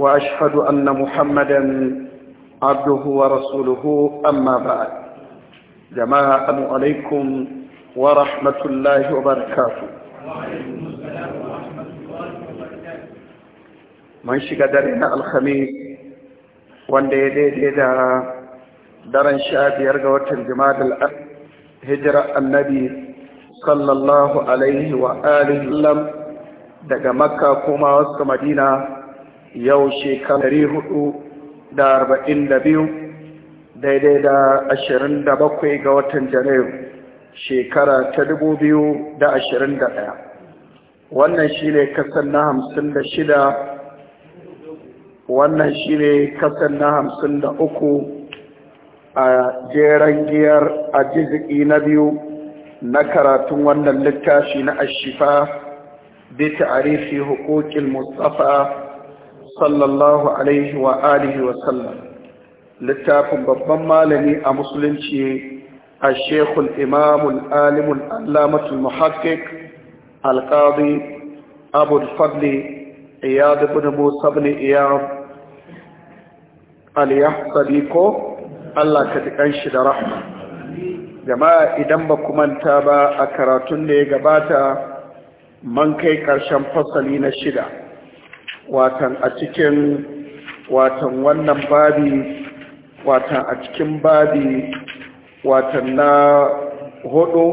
وأشهد أن محمدا عبده ورسوله أما بعد جماعة عليكم ورحمة الله وبركاته من shiga dare na alhamis wanda ya daidai da daren sha biyar ga watan jimadal hijira annabi sallallahu alaihi wa daga makka kuma wasu madina yau ɗari hudu da arba'in da biyu daidai da ashirin da bakwai ga watan janairu shekara ta dubu biyu da ashirin da ɗaya wannan shi ne kasar na hamsin da shida wannan shi ne kasar na hamsin da uku a jeren giyar a jiziki na biyu na karatun wannan littafi na ashifa bi ta'arifi hukukin mustafa sallallahu alaihi wa alihi wa sallam littafin babban malami a musulunci a shekul imamul alimul allamatul muhakkik Alkazi, abun fadli iyad ibn musa ibn iya al ko Allah ka dukan shi da rahma jama'a idan ba ku manta ba a karatun da ya gabata man kai ƙarshen fasali na shida watan a cikin watan wannan babi watan a cikin babi watan na hudu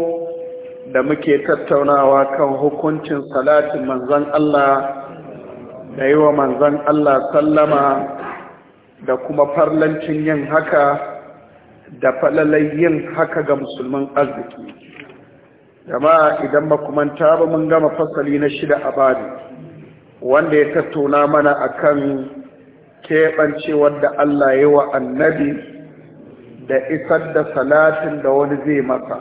da muke tattaunawa kan hukuncin salatin manzan Allah da yi wa manzan Allah sallama da kuma farlancin yin haka da falalai yin haka ga musulman arziki jama'a idan ba kuma ba mun gama fasali na shida a babi wanda ya tattauna mana akan keɓance da Allah ya wa annabi da isar da salatin da wani zai masa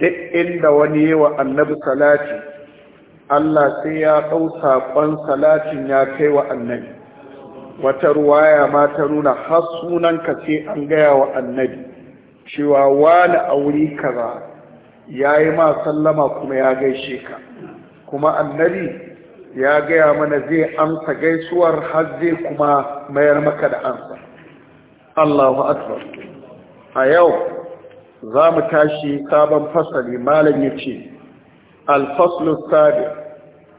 duk inda wani yi wa annabi salati Allah sai ya ɗau saƙon salatin ya kai wa annabi wata ruwaya ma ta nuna har sunanka sai an gaya wa annabi cewa wani a wuri kaza ya yi ma sallama kuma ya gaishe ka kuma annabi ya gaya mana zai amsa gaisuwar har zai kuma mayar maka da amsa Allahu akbar a yau za mu tashi sabon fasali malam ya ce alfaslu sabi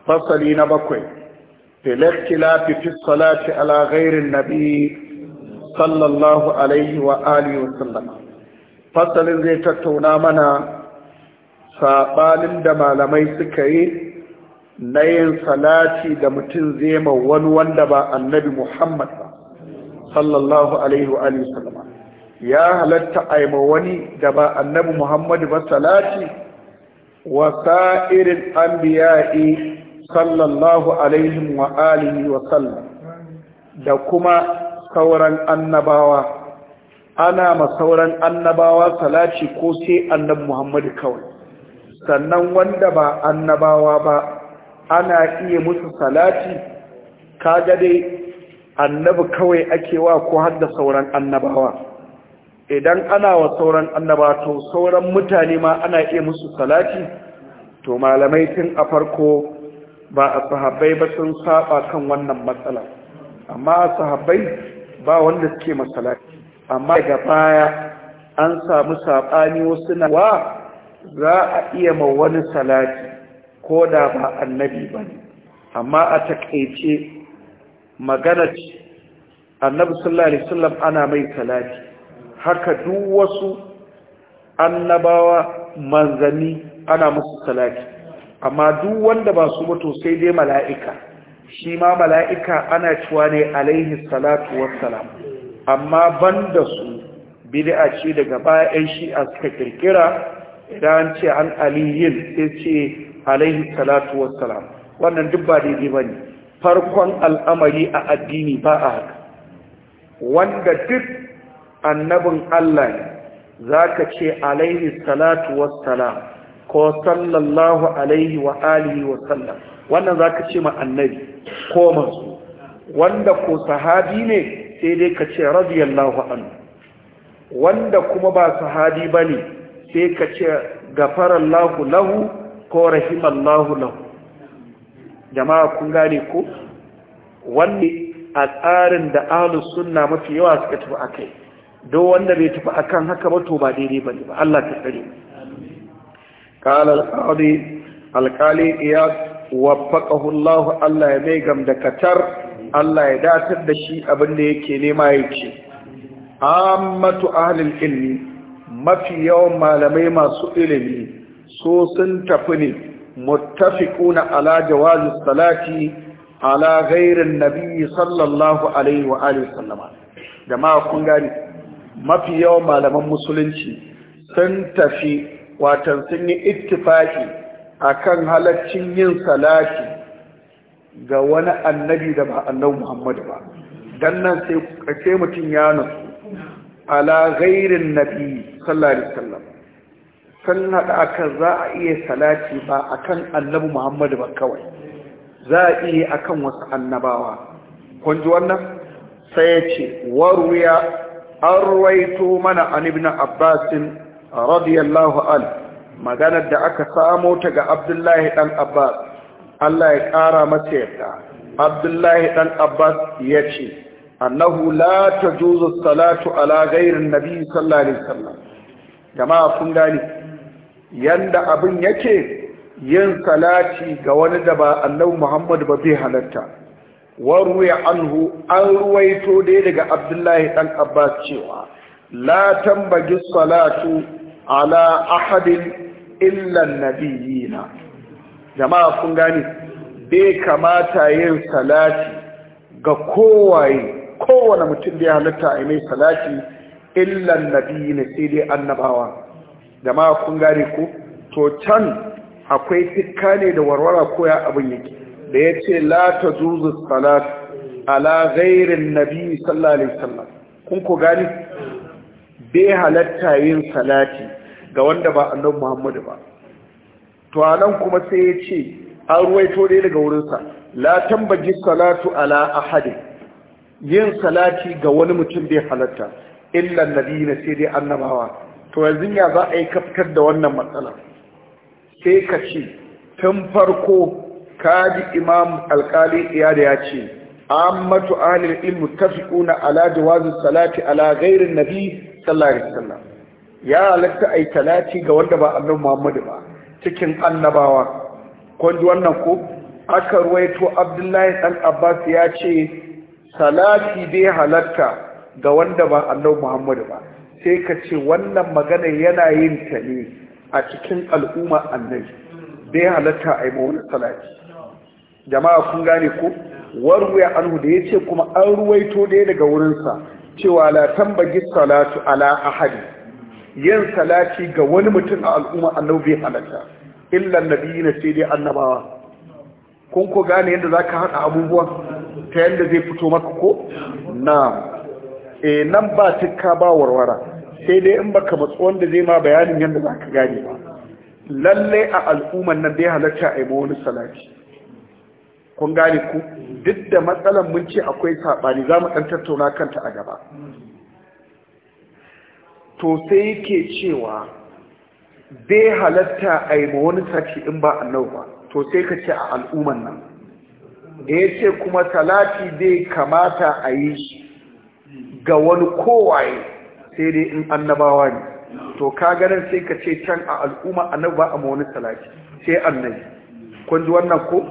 fasali na bakwai filaktilafi fi salati ala ghairin nabi sallallahu alaihi wa alihi sallama fasalin zai tattauna mana saɓanin da malamai suka yi na yin salati da mutum zai ma wani wanda ba annabi Muhammad ba sallallahu alaihi wa alihi sallama ya halatta a ma wani da ba annabi Muhammad ba salati wa sa'irin anbiya'i sallallahu alaihi wa alihi wa sallam da kuma sauran annabawa ana ma sauran annabawa salaci ko sai annabi Muhammad kawai sannan wanda ba annabawa ba ana iya musu salati kaga dai annabi kawai ake wa ko har da sauran annabawa idan ana wa sauran annabawa to sauran mutane ma ana iya musu salati to malamai tun a farko ba a sahabbai ba sun saba kan wannan matsala amma a sahabbai ba wanda suke masalati amma ga baya an samu saɓani wasu na wa za a iya ma wani salati ko da ba annabi ba ne amma a takaice magana ce annabi sallallahu alaihi wasallam ana mai salati haka duk wasu annabawa manzani ana musu salati amma duk wanda ba su mutu sai dai mala'ika shi ma mala'ika ana cewa ne alaihi salatu wassalam amma banda su bid'a ce daga bayan shi shi'a suka kirkira idan ce an aliyin sai ce alaihi salatu wassalam wannan duk ba daidai ba ne. farkon al'amari a addini ba a haka wanda duk annabin Allah ne za ka ce alaihi salatu wassalam ko sallallahu alaihi wa alihi wa sallam wannan ka ce ma annabi ko masu wanda ko sahabi ne sai dai ka ce radiyallahu an wanda kuma ba sahabi ba ne, sai ka ce gafarallahu lahu ko rahimallahu lahu jama'a kun gane ko wanne a tsarin da ahlus sunna mafi yawa suka tafi akai don wanda bai tafi akan haka ba to ba daidai bane ba Allah ta tsare kala al-qadi al-qali iyad waffaqahu Allah Allah ya mai gamdakatar Allah ya datar da shi abin da yake nema yake ammatu ahlil ilmi mafi yawan malamai masu ilimi so sun tafi ne muttafiquna ala jawazi salati ala ghairin nabi sallallahu alaihi wa alihi sallama jama'a kun gani mafi yawan malaman musulunci sun tafi watan sun yi ittifaki akan halaccin yin salati ga wani annabi da ba annabi Muhammadu ba dan nan sai kace mutun ya nusu ala ghairin nabi sallallahu alaihi wasallam sun haɗa akan za a iya salati ba akan annabi muhammadu ba kawai za a iya akan wasu annabawa kun wannan sai ya ce waruya an ruwaito mana an ibn abbasin radiyallahu an maganar da aka samo ta ga abdullahi Ɗan abbas allah ya ƙara masa yadda abdullahi Ɗan abbas ya ce annahu la ta salatu ala gairin nabi sallallahu alaihi jama'a kun gani yanda abin yake yin salati ga wani da ba annabi Muhammad ba bai halatta warwaya anhu an ruwaito dai daga Abdullahi dan Abbas cewa la tambagi salatu ala ahadin illa nabiyina jama'a kun gani bai kamata yin salati ga kowaye kowane mutum da ya halatta a yi mai salati illa nabiyina sai dai annabawa da ma kun gane ko to can akwai tikka ne da warwara koya abin yake da ya ce la ta zuzu salat ala gairin nabi sallallahu alaihi wasallam kun ku gani bai halatta yin salati ga wanda ba annabi muhammadu ba to anan kuma sai ya ce an ruwaito dai daga wurinsa la tambaji salatu ala ahadin yin salati ga wani mutum bai halatta illa nabi na sai dai annabawa to yanzu ya za a yi kafitar da wannan matsala sai ka ce tun farko kaji imam alkali da ya ce ammatu ahlil ilmu kuna ala jawazi salati ala gairin nabi sallari alaihi ya halatta yi talati ga wanda ba annabi Muhammadu ba cikin annabawa kwanji wannan ko aka ruwaito Abdullahi dan Abbas ya ce salati bai halatta ga wanda ba annabi Muhammadu ba sai ka ce wannan magana yana yin ta ne a cikin al'umma annabi bai halatta a yi wani salati jama'a kun gane ko warwaya anhu da ya ce kuma an ruwaito ɗaya daga wurinsa cewa la tambagi salatu ala ahadi yin salati ga wani mutum a al'umma annabi bai halatta illa nabi na sai dai annabawa kun ko gane yadda zaka hada abubuwa ta yadda zai fito maka ko na'am E nan ba tukka ba warwara sai dai in baka matsu wanda zai ma bayanin yadda za ka gane ba lallai a al'umman nan dai halarta a yi wani salati kun gane ku duk da matsalan mun ce akwai saɓani za mu ɗan tattauna kanta a gaba to sai yake cewa zai halarta a yi wani sati in ba annau ba to sai ka ce a al'umman nan da ya ce kuma salati zai kamata a yi shi ga wani kowaye sai dai in annabawa ne to ka ganin sai ka ce can a al'umma annaba ba a wani talaki sai annabi kun ji wannan ko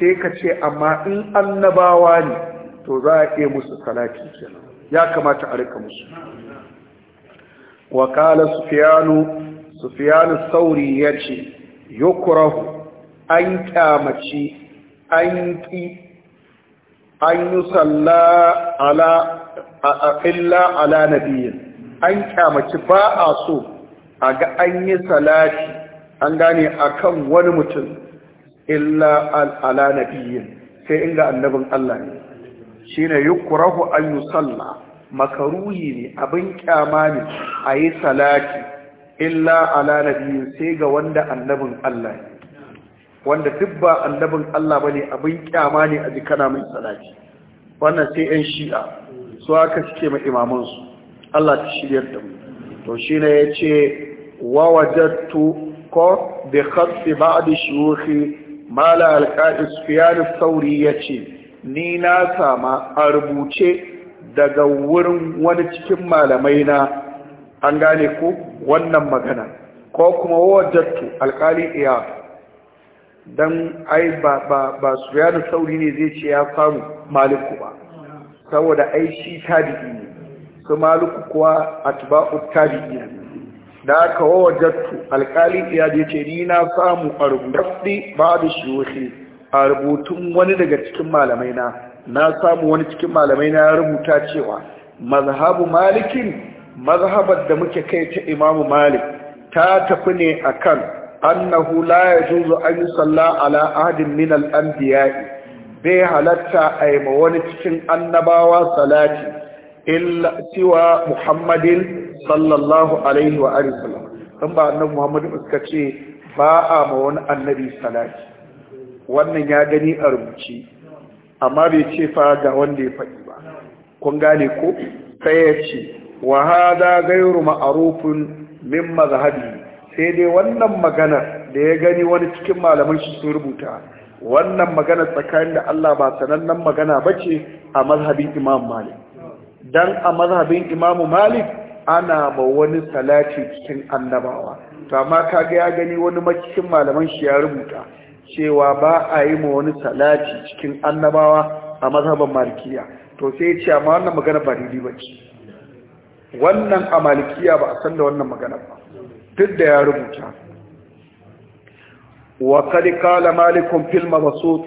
sai ka ce amma in annabawa ne to za a iya musu talaki ya kamata a rika musu wakala sufiyanu sufiyanu sufyanu sauri yace yukrahu an kyamaci an ki an ala illa ala nabiyin an kyamaci ba a so a ga an yi salati an gane akan wani mutum illa ala nabiyin sai inga annabin Allah ne shine yukrahu an yusalla makaruhi ne abin kyama ne a yi salati illa ala nabiyin sai ga wanda annabin Allah ne wanda duk ba annabin Allah bane abin kyama ne a jikana mai salati wannan sai 'yan shi'a su haka suke ma imamansu Allah ta shiryar da mu to shi ne ya ce wa wajattu ko da khatsi ba'd shuyukhi mala alqa'i sufyan sauri ya ce ni na sama a rubuce daga wurin wani cikin malamai na an gane ku wannan magana ko kuma wajattu alƙali iya dan ai ba ba ba sauri ne zai ce ya samu maliku ba saboda ai shi tabi'i ne su maluku kuwa atba'u tabi'i ne da aka Jattu. alkali ya je ce ni na samu a rubutu ba da a rubutun wani daga cikin malamai na na samu wani cikin malamai na rubuta cewa mazhabu malikin mazhabar da muke kai ta imamu malik ta tafi ne a kan annahu la zuzu an yi yusalla ala ahadin min al biya'i bai halatta a yi ma wani cikin annabawa salati illa cewa muhammadin sallallahu alaihi wa arisala don ba muhammadin suka ce ba a ma wani annabi salati wannan ya gani a rubuci amma bai ce fa ga wanda ya faɗi ba kun gane ko sai ya ce wa hada gairu ma'arufin min mazhabi sai dai wannan maganar da ya gani wani cikin malaman shi sun rubuta wannan magana tsakanin da Allah ba sanannen magana ba ce a mazhabin imam malik dan a mazhabin Imam malik ana ma wani salati cikin annabawa to amma kaga ya gani wani cikin malaman shi ya rubuta cewa ba a yi ma wani salati cikin annabawa a mazhaban malikiya to sai ya ce amma wannan magana ba daidai ba ce wannan a malikiya ba a san da wannan magana ba duk da ya rubuta وقد قال مالك في المبسوط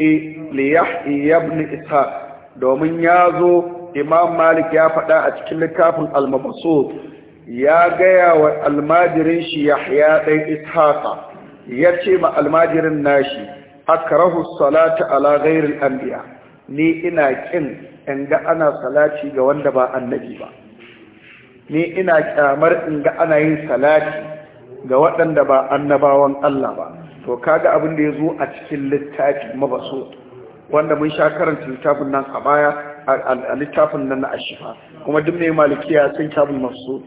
ليحيى ابن إسحاق domin ya zo imam malik ya faɗa a cikin littafin al ya gaya wa almajirin shi yahya ɗan ishaqa ya ce ma almajirin nashi akrahu salata ala ghairil anbiya ni ina kin in ga ana salati ga wanda ba annabi ba ni ina kyamar in ga ana yin salati ga waɗanda ba annabawan Allah ba to kaga abin da ya zo a cikin littafi mabaso wanda mun sha karanta littafin nan a baya a littafin nan na ashifa kuma duk mai malikiya sun kitabul mabaso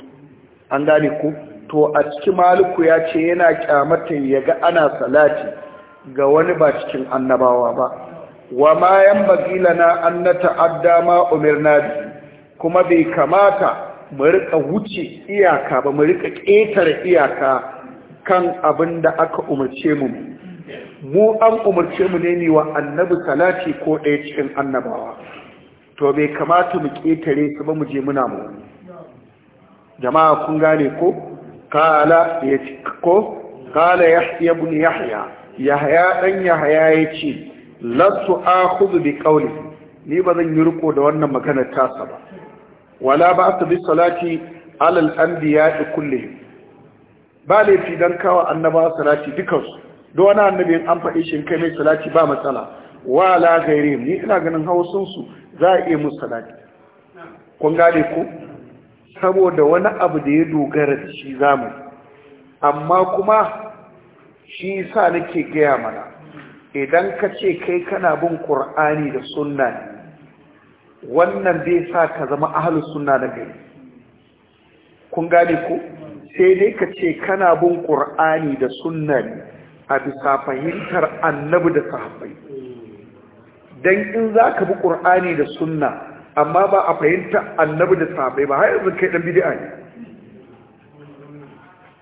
an gane ku to a cikin maliku ya ce yana kyamata ya ga ana salati ga wani ba cikin annabawa ba wa ma yan na an na ta'adda ma umirna kuma bai kamata mu rika wuce iyaka ba mu rika ƙetare iyaka kan abin da aka umarce mu mu an umarce mu ne ne wa annabi salati ko ɗaya cikin annabawa to bai kamata mu ƙetare su ba mu je muna mu jama'a kun gane ko kala ya ko kala ya yahya ibn ya yahya dan ya yace la tu'akhudhu bi qawli ni ba zan yi riko da wannan maganar tasa ba wala ba su bi salati alal anbiya'i kullihim ba laifi don kawo annaba salati dukansu don wani annabi an faɗi shi kai mai salati ba matsala wa la gaire ni ina ganin hausunsu za a iya musu salati kun gane ku saboda wani abu da ya dogara da shi zamani amma kuma shi sa nake gaya mana idan ka ce kai kana bin ƙur'ani da sunna ne wannan zai sa ka zama ahalus sunna na gari kun gane ku sai dai ka ce kana bin ƙur'ani da sunan a bisa fahimtar annabi da sahabbai don in za ka bi ƙur'ani da sunna amma ba a fahimtar annabi da sahabbai ba har yanzu kai ɗan bidi'a ne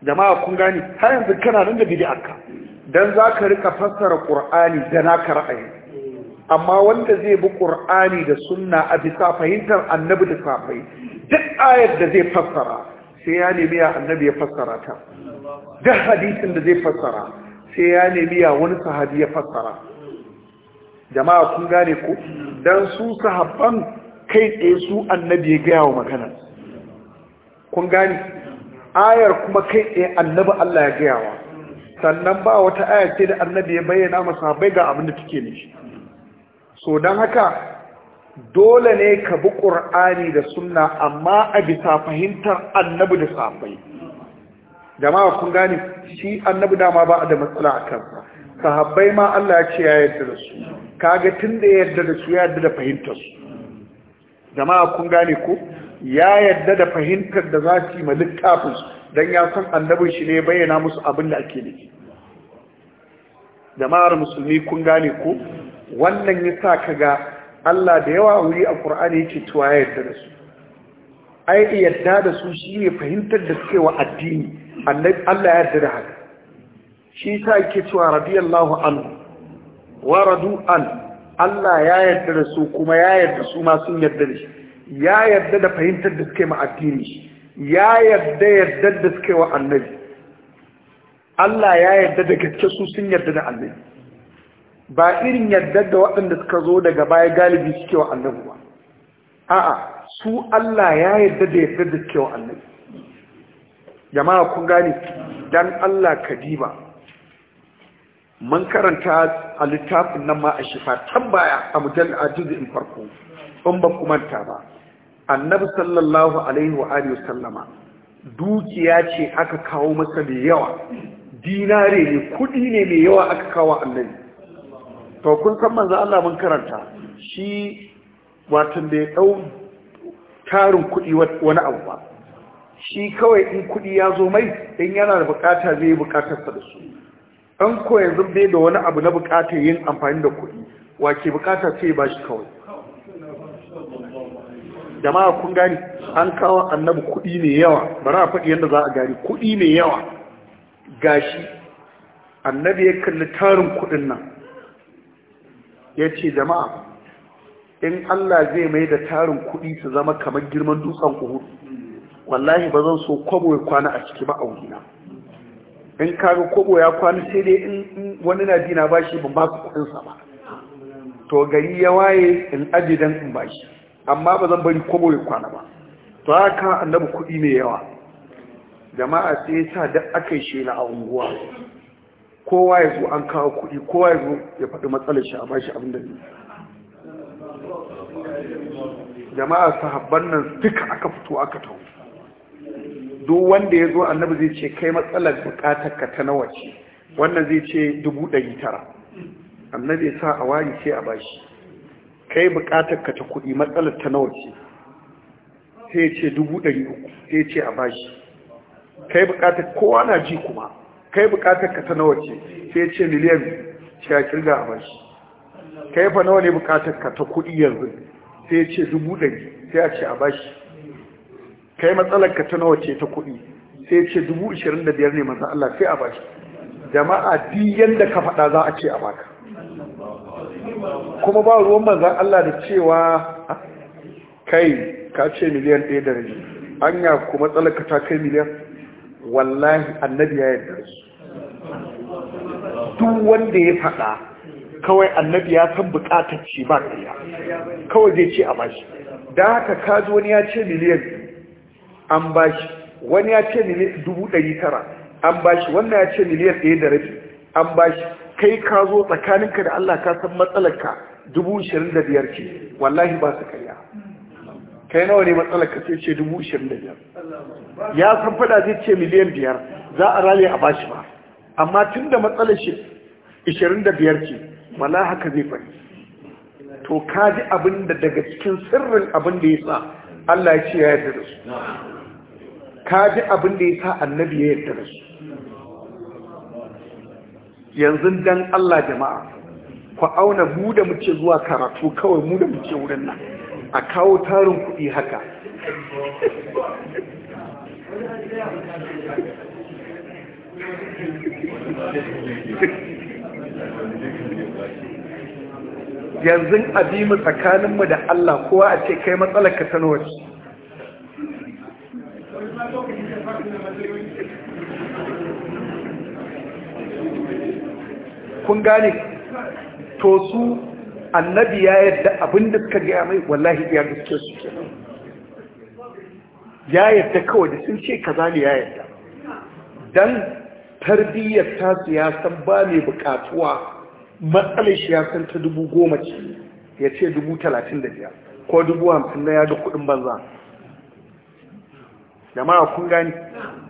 jama'a kun gani har yanzu kana nan da bidi'a ka don za ka rika fassara ƙur'ani da naka ra'ayi amma wanda zai bi ƙur'ani da sunna a bisa fahimtar annabi da safai duk ayar da zai fassara sai ya nemi ya annabi ya fassara ta duk hadisin da zai fassara sai ya nemi ya wani sahabi ya fassara jama'a kun gane ko dan su sahabban kai tsaye su annabi ya gaya wa magana kun gane ayar kuma kai tsaye annabi Allah ya gaya wa sannan ba wata ayar ce da annabi ya bayyana bai ga abin da take ne so dan haka dole ne ka bi ƙur'ani da sunna amma a bisa fahimtar annabi da safai jama'a kun gane shi annabi dama ba da matsala a kansa sahabbai ma Allah ya ce ya yarda da su kaga tun da ya yarda da su ya yarda da fahimtar su jama'a kun gane ko ya yarda da fahimtar da za su yi ma littafin su don ya san annabin shi ne bayyana musu abin da ake nufi jama'ar musulmi kun gane ko wannan yasa kaga Allah da yawa wuri a ƙura'ani yake tuwa yadda da su ai yadda da su shi ne fahimtar da suke wa addini Allah ya yarda da haka shi ta ke tuwa radiyallahu anhu wa radu an Allah ya yarda da su kuma ya yarda su masu yadda yarda da shi ya yarda da fahimtar da suke ma addini ya yarda yarda da suke wa annabi Allah ya yarda da gaske su sun yarda da annabi ba irin yadda da waɗanda suka zo daga baya galibi suke wa annabi ba a'a su Allah ya yadda da yadda da suke wa annabi jama'a kun gane dan Allah kadiba mun karanta a littafin nan ma a shifa tambaya a mujal a juz'in farko in ba ku manta ba annabi sallallahu alaihi wa alihi sallama dukiya ce aka kawo masa mai yawa dinare ne kudi ne mai yawa aka kawo annabi to kun san manzo Allah mun karanta shi watan da ya dau tarin kuɗi wani abu ba shi kawai in kuɗi ya zo mai in yana da bukata zai sa da su an ko yanzu bai da wani abu na bukata yin amfani da kuɗi ke bukata sai ba shi kawai jama'a kun gani an kawo annabi kuɗi mai yawa bari a faɗi yadda za a gari. kuɗi mai yawa gashi annabi ya kalli tarin kuɗin nan ya ce jama'a in Allah zai mai da tarin kuɗi su zama kamar girman dutsen uhuru, wallahi ba zan so kwabo ya kwana a ciki ba aurina in kaga kwabo ya kwana sai dai in wani na dina ba shi ban ba su kuɗinsa ba to gari ya waye in aji dan in ba shi amma ba zan bari kwabo ya kwana ba to haka annabi kuɗi mai yawa jama'a sai ya sa da aka yi shela a unguwa kowa ya zo an kawo kuɗi kowa ya zo ya faɗi matsalar shi a bashi abin da ne jama'a sahabban nan duka aka fito aka tau duk wanda ya zo annabi zai ce kai matsalar bukatar ka ta nawa ce wannan zai ce dubu ɗari tara annabi ya sa a wari sai a bashi kai bukatar ka ta kuɗi matsalar ta nawa ce sai ce dubu ɗari uku sai ce a bashi kai bukatar kowa na ji kuma kai bukatar ka ta nawa ce sai ce miliyan shakir a kirga shi bashi kai fa nawa ne bukatar ka ta kuɗi yanzu sai ce dubu ɗari sai a ce a bashi kai matsalar ka ta nawa ce ta kuɗi sai ce dubu ishirin da biyar ne maza Allah sai a bashi jama'a duk yadda ka faɗa za a ce a baka kuma ba ruwan maza Allah da cewa kai ka ce miliyan ɗaya da rabi anya kuma tsalaka ta kai miliyan wallahi annabi ya yarda su duk wanda ya faɗa kawai annabi ya san buƙatar ce ba ƙarya kawai zai ce a bashi da haka zo wani ya ce miliyan an bashi wani ya ce miliyan dubu ɗari tara an bashi wannan ya ce miliyan ɗaya da rabi an bashi kai ka zo tsakaninka da Allah ka san matsalarka dubu ishirin da biyar ce wallahi ba su karya kai nawa ne matsalarka sai ce dubu ishirin da biyar ya san faɗa zai ce miliyan biyar za a rale a bashi ba amma tun da matsalar shi 25 ce wala haka zai fari to ka ji abin da daga cikin sirrin abin da ya sa Allah ya ce ya yarda da su ka ji abin da ya sa annabi ya yarda da su yanzu dan Allah jama'a ku auna mu da muke zuwa karatu kawai mu da muke wurin nan a kawo tarin kuɗi haka Thank you. yanzu abimu tsakaninmu da Allah kowa a ce kai matsalar ka ce kun gane to su annabi ya yadda abin da suka gaya mai wallahi ya gaske su ke ya yadda kawai da sun ce ka zane ya yadda don tarbiyyar tasu ya san ba mai bukatuwa matsalar shi ya san ta dubu goma ce ya ce dubu talatin da biyar ko dubu hamsin na ya ga kudin banza Da jama'a kun gani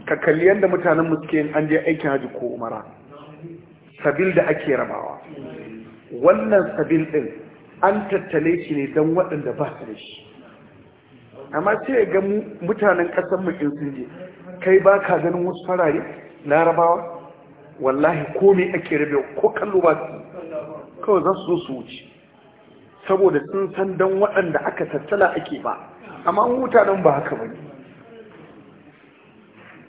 ka kalli yadda mutanen muske an je aikin haji ko umara sabil da ake rabawa wannan sabil din an tattale shi ne don waɗanda ba su da shi amma sai ga mutanen ƙasar mu in sun je kai ba ka ganin wasu farare larabawa wallahi komai ake rabe ko kallo ba su kawai za su zo su wuce saboda sun san don waɗanda aka tattala ake ba amma don ba haka ba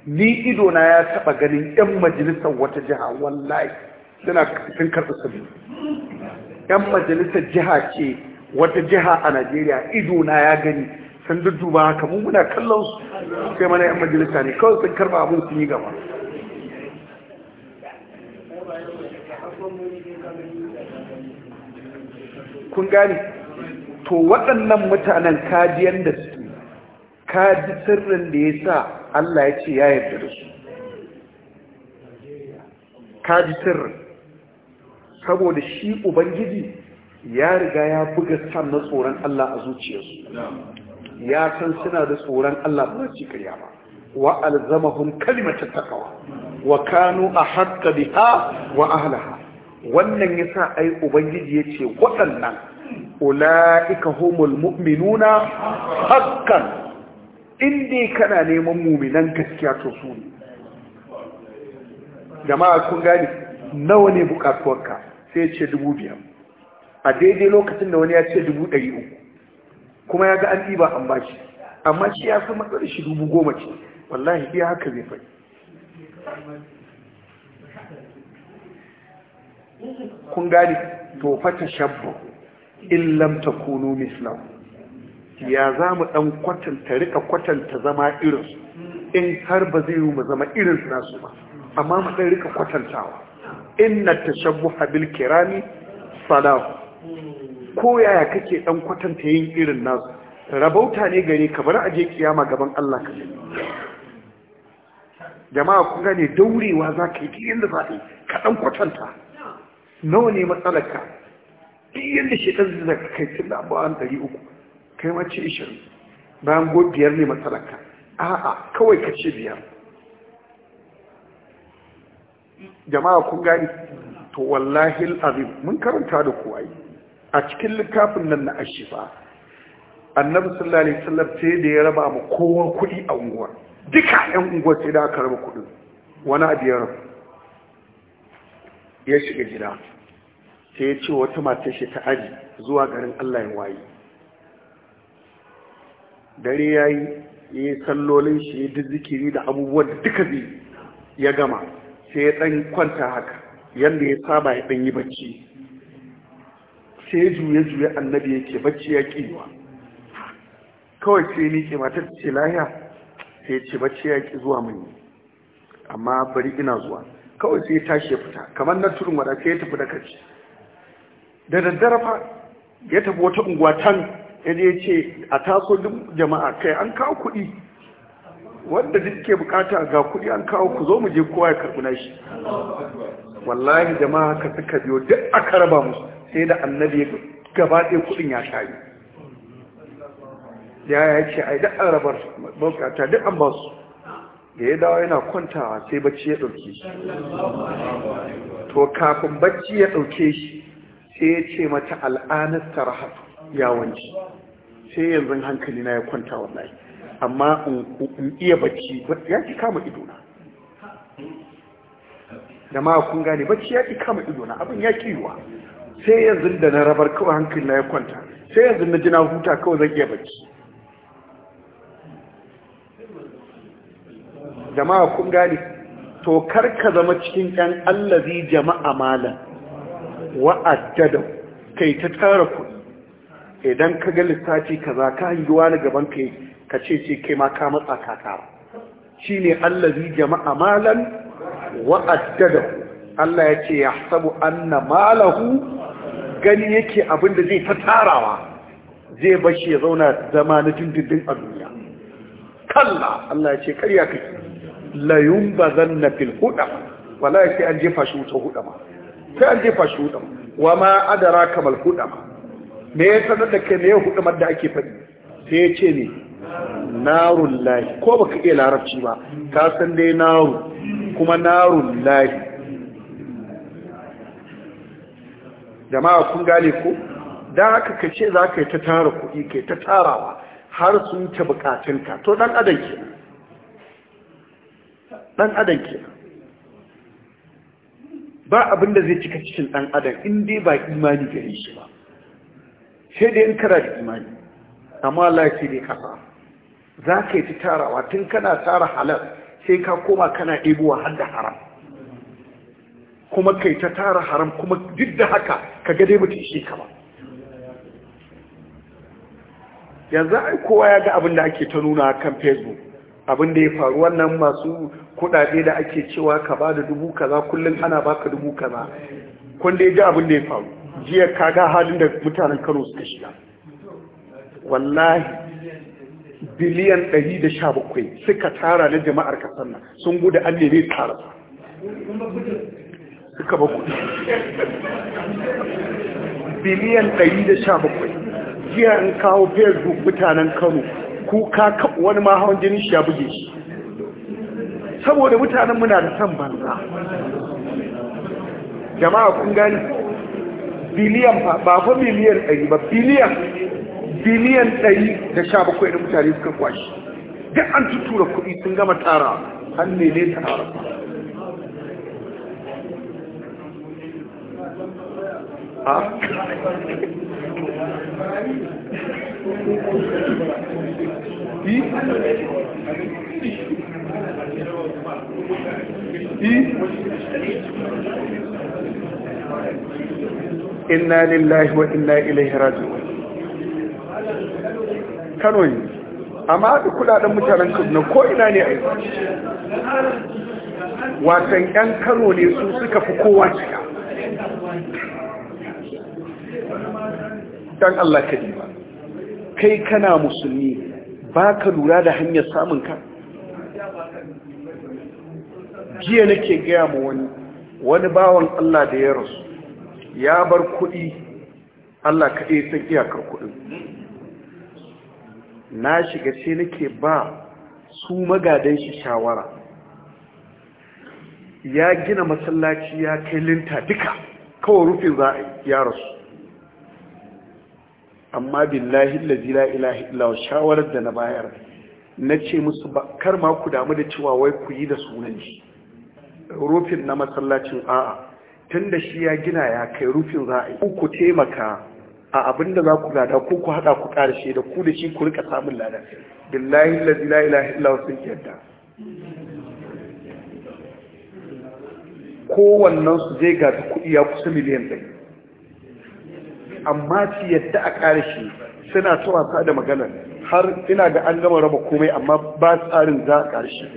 ni ido na ya taba ganin 'yan majalisar wata jiha wallahi suna sun karɓar sabi 'yan majalisar jiha ce wata jiha a najeriya ido na ya gani sun dudduba haka mu muna kallon su sai mana 'yan majalisa ne kawai sun karɓa abin sun yi gaba kun gane to waɗannan mutanen kajiyar da su kaji sirrin da ya sa Allah ya ce ya yarda da su kaji sirrin saboda shi ubangiji ya riga ya buga san na tsoron Allah a zuciyarsu ya san suna da tsoron Allah ba ci kariya ba wa alzamahum kalimata takawa. wa kanu ahqqa biha wa ahliha wannan ya sa ai ubangiji ya ce waɗannan ula'ika homol mu'minuna hakan inda kana neman muminan gaskiya to su ne jama'a kun gani nawa ne bukatuwarka sai ce dubu biyar a daidai lokacin da wani ya ce dubu ɗari uku kuma ya ga an ɗiba an shi. amma shi ya fi matsar shi dubu goma ce wallahi biya haka zai fai kun gane to fata shabba in lam takunu mislam ya za mu dan kwatanta rika kwatanta zama irin in har ba zai mu zama irin nasu ba amma mu dan rika kwatantawa inna tashabbuha bil kirami salahu ko yaya kake dan kwatanta yin irin nasu rabauta ne gare ka bar aje kiyama gaban Allah ka jama'a kun gane daurewa za ka yi ta da za ka dan kwatanta nawa ne matsalarka duk yadda shekar da kai tun da abuwan ɗari uku kai mace ishirin bayan biyar ne matsalarka a'a kawai ka ce biyar jama'a kun gani to wallahi al'azim mun karanta da ku a cikin littafin nan na ashifa annabi sallallahu alaihi wasallam sai da ya raba ma kowa kuɗi a unguwa duka ƴan unguwa sai da aka raba kuɗin wani abiyar ya shiga gida sai ya ce wata matar shi ta aji zuwa garin Allah ya waye dare ya yi sallolin shi duk zikiri da abubuwan da duka zai ya gama sai ya ɗan kwanta haka yadda ya saba ya ɗan yi bacci sai juye juye annabi yake bacci ya ƙi yiwa kawai sai ni ke matar ce lahiya sai ce bacci ya ƙi zuwa mini amma bari ina zuwa kawai sai tashi ya fita kamar na turin wada sai ya tafi da kaci da daddara fa ya tafi wata unguwa tan ya je ce a taso duk jama'a kai an kawo kuɗi wanda duk ke bukata ga kuɗi an kawo ku zo mu je kowa ya karɓi nashi wallahi jama'a ka suka biyo duk aka raba musu sai da annabi ya gaba ɗaya kuɗin ya shayi ya ya ce ai duk an rabar bukata duk an ba su da ya dawo yana kwantawa sai bacci ya ɗauke shi to kafin bacci ya ɗauke shi sai ya ce mata al'anar tarahatu yawanci sai yanzu hankali na ya kwanta wallahi amma in iya bacci ya ki kama idona da ma kun gane bacci ya ki kama idona abin ya ki yiwa sai yanzu da na rabar kawai hankali na ya kwanta sai yanzu na jina huta kawai zan iya bacci jama'a kun gane to kar ka zama cikin ɗan allazi jama'a malan wa'addada kai ta tara kuɗi idan ka ga lissafi kaza ka hangiwa na gaban kai ka ce ce kai ma ka matsa ka tara shine ne allazi jama'a malan wa'addada Allah ya ce ya sabu anna malahu gani yake abin da zai ta tarawa zai bashi ya zauna zama na dindindin a duniya kalla Allah ya ce karya kai. layun ba zan na fil wala ya sai an jefa shi wuta huɗa ma sai an jefa shi huɗa wa ma adara kamar huɗa ma me ya sanar da kai me ya huɗa ma da ake faɗi sai ya ce ne narun lahi ko baka iya larabci ba ka san dai naru kuma narun lahi jama'a kun gane ko da haka ka ce za ka yi ta tara kuɗi ka yi ta tarawa har sun ta bukatunka to dan adam kenan ɗan adam ke ba abin da zai cika cikin ɗan adam in dai ba imani gare shi ba sai dai in kara da imani amma Allah ya kasa za ka yi tarawa tun kana tara halal sai ka koma kana ɗebowa har da haram kuma kai ta tara haram kuma duk da haka ka ga dai ishe ka ba yanzu ai kowa ya ga abin da ake ta nuna kan facebook abin da ya faru wannan masu kuɗaɗe da ake cewa ka ba da dubu kaza kullum ana baka dubu kaza kun ya ji abin da ya faru jiya kaga halin da mutanen kano suka shiga wallahi biliyan 117 suka tara na jama'ar kasar nan sun gudu an nemi tara suka ba kudi biliyan 117 jiya in kawo facebook mutanen kano kuka wani ma hawan jini shi ya buge shi saboda mutanen muna da san banza jama'a kun gani biliyan ba fa miliyan ɗari ba biliyan biliyan ɗari da sha bakwai da mutane suka kwashi duk an tutura kuɗi sun gama tara an nene ta harafa inna lillahi wa inna ilaihi raji'un kano ne amma duk kudaden mutanen Kano ko ina ne a yi wasan ƴan kano ne su suka fi kowa cika dan Allah ka ba kai kana musulmi ba ka lura da hanyar samun ka jiya nake gaya ma wani wani bawan Allah da ya rasu ya bar kuɗi Allah kaɗai san iyakar kuɗin na shiga sai nake ba su magadan shi shawara ya gina masallaci ya kai linta duka kawai rufin za a ya rasu amma billahi la ilaha illa shawarar da na bayar na ce musu kar ma ku damu da cewa wai ku yi da sunan shi rufin na masallacin a'a tun da shi ya gina ya kai rufin za a yi ku taimaka a abin da za ku gada ko ku haɗa ku shi da ku da shi ku rika samun lada billahi lazi la ilaha illa sun yadda kowannen su zai gata kuɗi ya kusa miliyan ɗari amma su yadda a shi suna ta wasa da maganar har ina ga an gama raba komai amma ba tsarin za a shi.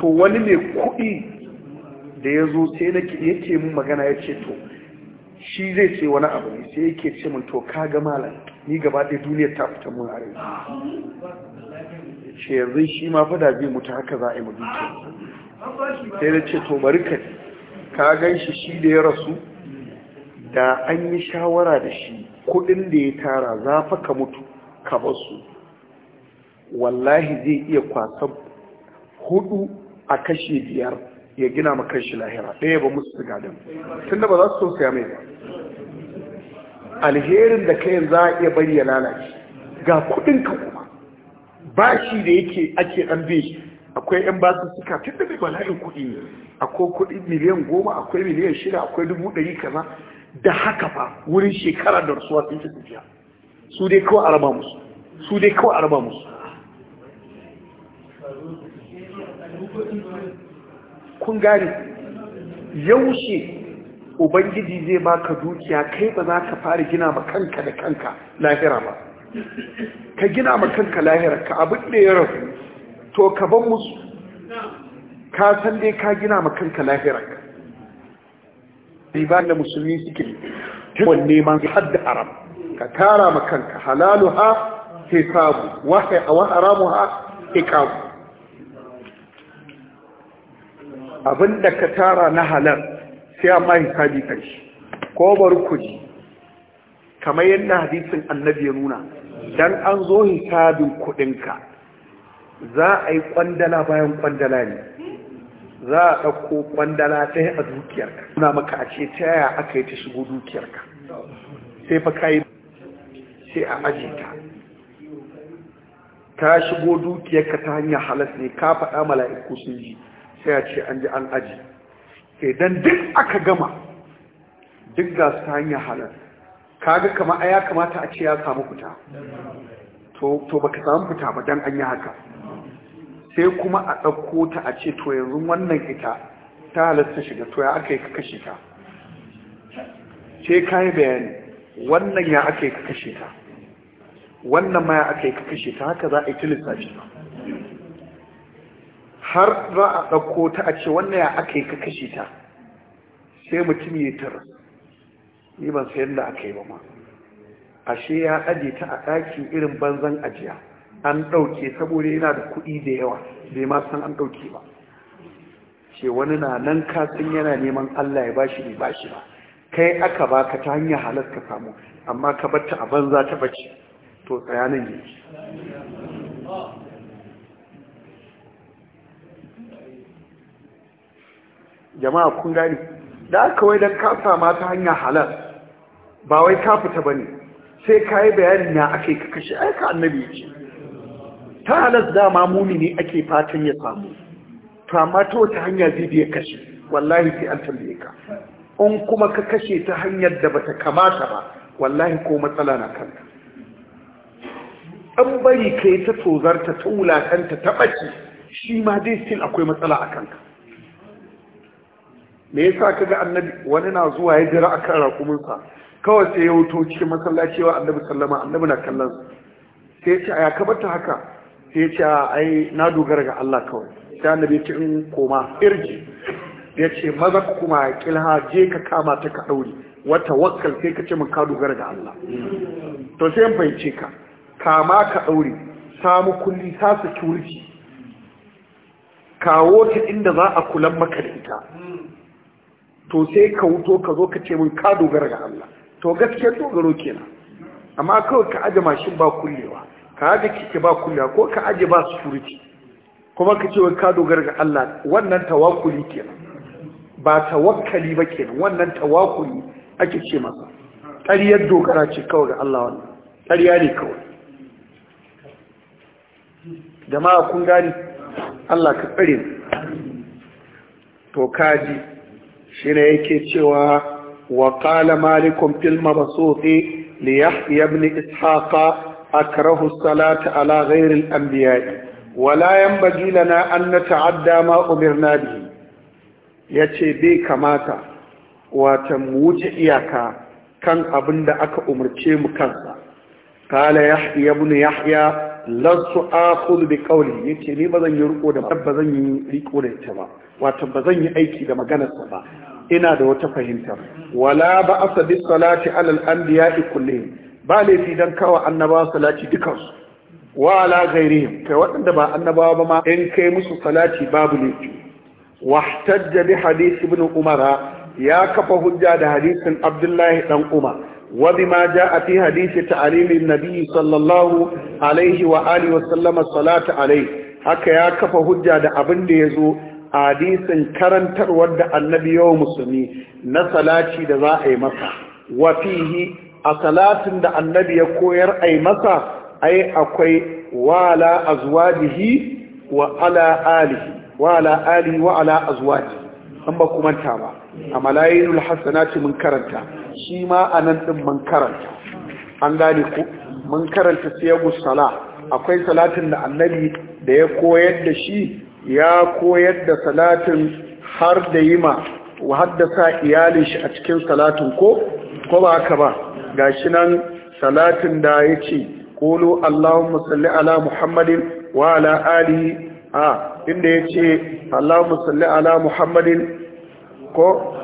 to wani mai kuɗi da ya zo sai yake mun magana ya ce to shi zai ce wani abu ne sai yake ce mun to ka ga malam ni gaba ɗaya duniya ta fita mun are ce yanzu shi ma fada zai mutu haka za a yi mutu sai da ce to bari ka ka gan shi shi da ya rasu da an yi shawara da shi kuɗin da ya tara za fa ka mutu ka basu wallahi zai iya kwasan hudu a kashi biyar ya gina ma shi lahira ɗaya ba musu su gadin tunda ba za su tausaya mai ba alherin da kayan za a iya bari ya lalace ga kuɗin ka kuma bashi da yake ake ɗan bi akwai yan basu suka da mai bala'in kuɗi ne akwai kuɗi miliyan goma akwai miliyan shida akwai dubu ɗari kaza da haka fa wurin shekara da rasuwa sun fi tafiya su dai kawai araba musu su dai kawai araba musu kun gane yaushe ubangiji zai baka dukiya kai ba za ka fara gina ma kanka da kanka lahira ba ka gina ma kanka lahira ka abin da ya rabu to ka ban musu ka san dai ka gina ma kanka lahira ka riba da musulmi suke tun neman hadda aram ka tara ma kanka halalu ha hisabu wa haramu ha ikabu abin da ka tara na halar sai amma hisabi ƙarshe ko bari ku kamar yadda hadisin annabi ya nuna dan an zo hisabin kuɗinka za a yi kwandala bayan kwandala ne za a ɗauko kwandala yi a dukiyarka suna maka a ce ta yaya aka yi ta shigo dukiyarka sai fa kayi sai a aje ta ta shigo dukiyarka ta hanyar halas ne ka faɗa mala'iku sun ji sai a ce an ji an aji idan duk aka gama duk ga su ta hanyar halar kaga kama a ya kamata a ce ya samu fita to ba ka samu fita ba don an yi haka sai kuma a ɗauko ta a ce to yanzu wannan ita ta halarta shiga to ya aka yi ka kashe ta sai ka yi bayani wannan ya aka yi ka kashe ta wannan ma ya aka yi ka kashe ta haka za a yi tilista shi har za a ɗauko ta a ce wannan ya aka yi ka kashe ta sai mutum ya tara ni ban sayan da aka yi ba ma ashe ya aje ta a ɗaki irin banzan ajiya an ɗauke saboda yana da kuɗi da yawa bai ma san an ɗauke ba ce wani na nan kasan yana neman Allah ya bashi bai bashi ba kai aka baka ta hanyar halar ka samu amma ka batta a banza ta bace to tsayanin ne jama'a kun gani da kawai don ka mata ta hanya halal ba wai ka fita ba ne sai ka yi bayani na ake kakashi aika annabi ce ta halar dama muni ne ake fatan ya samu to ta wata hanya zai biya kashe wallahi sai an tambaye ka in kuma ka kashe ta hanyar da bata kamata ba wallahi ko matsala na kanta. an bari ka yi ta tozarta ta wulakanta ta ɓaci shi ma dai still akwai matsala a kanka me yasa kaga annabi wani na zuwa ya jira akan raƙuminsa kawai sai ya wuto cikin masallaci wa annabi sallama annabi na kallon sai ce a kaba ta haka sai ce ai na dogara ga Allah kawai sai annabi ya ce in koma irji ya ce maza kuma ya kilha je ka kama ta ka ɗaure wata wakkal sai ka ce min ka dogara ga Allah to sai in fahimce ka kama ka ɗaure samu kulli sa security kawo ta inda za a kulan maka da ita to sai ka wuto ka zo ka ce mun ka dogara ga Allah to gaske dogaro kenan amma kawai ka aje mashin ba kullewa ka aje kike ba kullewa ko ka aje ba security kuma ka ce ka dogara ga Allah wannan tawakkuli kenan ba tawakkali ba kenan wannan tawakkuli ake ce masa ƙaryar dogara ce kawai ga Allah wannan ƙarya ne kawai jama'a kun gani Allah ka tsare to kaji shine yake cewa wa qala malikum fil mabsuti li yahya ibn ishaqa akrahu as-salata ala ghairi al-anbiya wa la yanbaghi lana an nata'adda ma umirna bihi yace bai kamata wata mu wuce iyaka kan abin da aka umarce mu kansa kala yahya ibn yahya lasu akhudh bi qawli yace ni bazan yi riko da ba zan yi riko da ita ba wato bazan yi aiki da maganar sa ba ina da wata fahimta wala ba asa bis salati alal anbiya'i kullihim ba laifi dan kawa annabawa salati dukansu wa ala ghairihim kai waɗanda ba annabawa ba ma in kai musu salati babu laifi wahtajja bi hadith ibn umara ya kafa hujja da hadisin abdullahi dan umar wa bima jaa fi hadith ta'lim an-nabi sallallahu alaihi wa alihi wa sallama salatu alaihi haka ya kafa hujja da abin da yazo hadisin karantarwar da annabi yau musulmi na salaci da za a yi masa wafihi a salatin da annabi ya koyar a yi masa ai akwai wala azwajihi wa ala alihi wa ala alihi wa ala azwaji an ba kuma ta ba a malayinul hasanati mun karanta shi ma a nan ɗin mun karanta an gane ku mun karanta siyagu sala akwai salatin da annabi da ya koyar da shi ya koyar da salatin har da yi ma haddasa iyalin shi a cikin salatin ko ko ba haka ba gashi nan salatin da ya ce ƙolo Allahumma salli ala Muhammadin wa ala alihi a inda ya ce Allahumma salli ala Muhammadin ko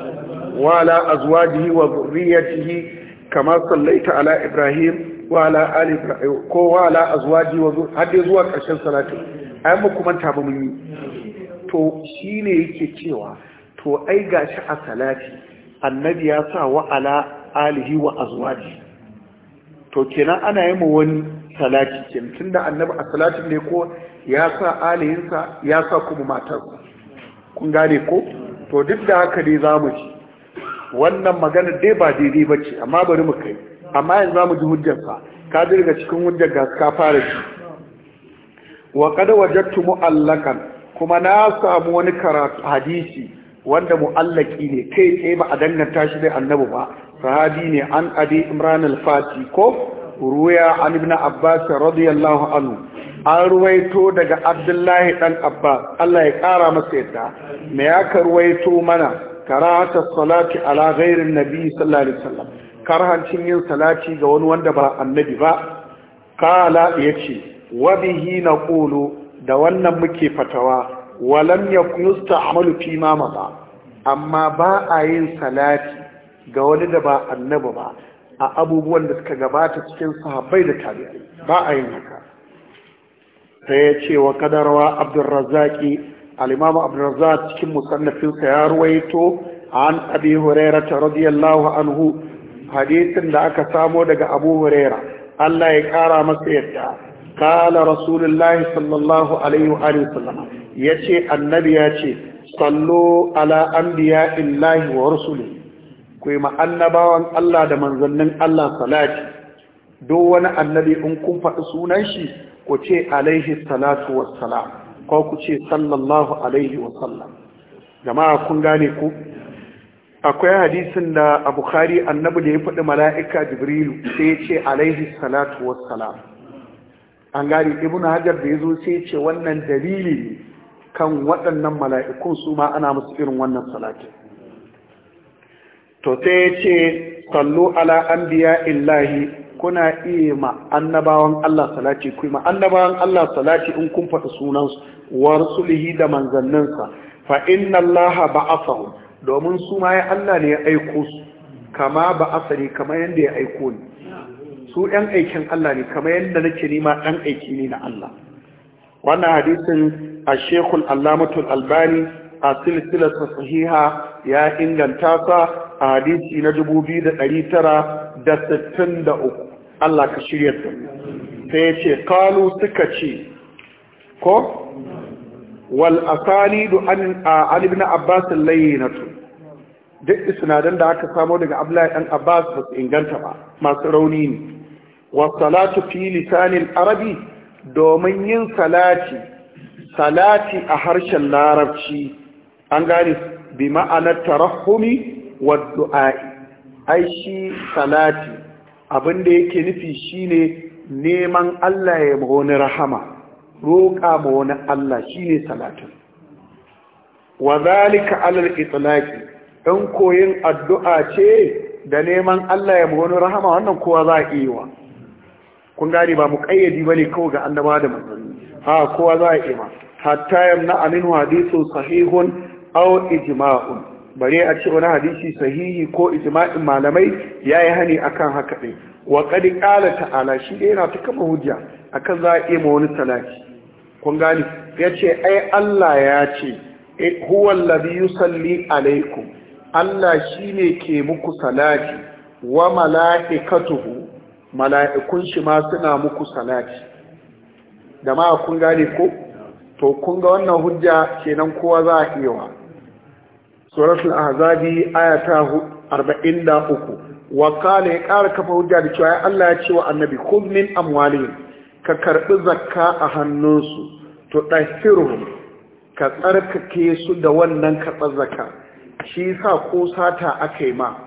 wa ala azwajihi wa zurriyatihi kama sallaita ala Ibrahim wa ala ali ko wa ala azwaji wa zuwa ƙarshen salatin an ba kuma ta ba mun yi to shine yake cewa to ai ga shi a salati annabi ya sa wa ala alihi wa azwaji to kenan ana yi ma wani salati kenan tunda annabi a salatin ne ko ya sa alihinsa ya sa kuma matarsa kun gane ko to duk da haka ne za mu ci wannan magana dai ba daidai ba ce amma bari mu kai amma yanzu za mu ji hujjarsa ka daga cikin hujjar ga ka fara ji wa wajen wajadtu mu'allakan kuma na samu wani karatu hadisi wanda mu'allaki ne kai tsaye ba a danganta shi da annabi ba sahabi ne an abi imran al-fati ko ruya an ibn abbas radiyallahu anhu an ruwaito daga abdullahi dan abbas Allah ya kara masa yadda me ya karwaito mana karahata salati ala ghairin nabi sallallahu alaihi wasallam karhancin yin salati ga wani wanda ba annabi ba kala yace wa bihi naqulu da wannan muke fatawa walam yakun yusta'malu fi ma ba, amma ba a yin salati ga wani da ba annabi ba a abubuwan da suka gabata cikin sahabbai da tabi'ai ba a yin haka sai ya ce wa kadarwa abdurrazzaqi al-imam cikin musannafin sa ya ruwaito an abi hurairah radiyallahu anhu hadisin da aka samo daga abu hurairah Allah ya ƙara masa yadda kala rasulullahi sallallahu alaihi wa sallam ya ce annabi ya ce sallo ala anbiya illahi wa rasuli ku yi annabawan Allah da manzannin Allah salati duk wani annabi in kun faɗi sunanshi shi ku ce alaihi salatu wassalam ko ku ce sallallahu alaihi wa sallam jama'a kun gane ku akwai hadisin da a bukhari annabi da ya faɗi mala'ika jibrilu sai ya ce alaihi salatu wassalam an gane ibn hajar da ya zo sai ce wannan dalili kan waɗannan mala'ikun su ma ana musu irin wannan salatin to sai ya ce sallu ala anbiya illahi kuna iya ma annabawan Allah salati ku ma annabawan Allah salati in kun faɗi sunansu wa rasulihi da manzanninsa fa inna Allah domin su ma ya Allah ne ya aiko su kama ba'athani kama yanda ya aiko ni su ɗan aikin Allah ne kamar yadda nake nima ɗan aiki ne na Allah wannan hadisin a shekul allamatul albani a silsilar sahiha ya inganta sa a hadisi na dubu biyu da da da tara sittin uku. Allah ka shirya da sai ya ce kalu suka ce ko wal asali du an na abbas layyinatu duk isnadan da aka samo daga abla dan abbas ba su inganta ba masu rauni ne wasalatu fi lisanin arabi domin yin salati salati a harshen larabci an gane bi ma'anar tarahumi wa du'a'i ai shi salati abinda yake nufi shine neman Allah ya wani rahama roƙa ma wani Allah shine salatin wa zalika alal itlaqi in koyin addu'a ce da neman Allah ya ma wani rahama wannan kowa za a iya kun gane ba mu kayyadi bane kawai ga annaba da manzanni ha kowa za a ima hatta yamna amin hadithu sahihun aw ijma'un bare a ce wani hadisi sahihi ko ijma'in malamai yayi hani akan haka din wa qad qala ta'ala shi dai yana ta kama hujja akan za a ima wani talaki kun gane yace ai Allah ya ce eh, huwa alladhi yusalli alaikum Allah shine ke muku salati wa mala'ikatuhu mala'ikun shi ma suna muku salati da ma kun gane ko to kun ga wannan hujja kenan kowa za a iya wa suratul ahzabi ayata 43 wakala ya ƙara kafa hujja da cewa ya Allah ya ce wa annabi kun min amwalihim ka karɓi zakka a hannunsu to dahiruhum ka tsarkake su da wannan karɓar zakka shi sa ko sata aka yi ma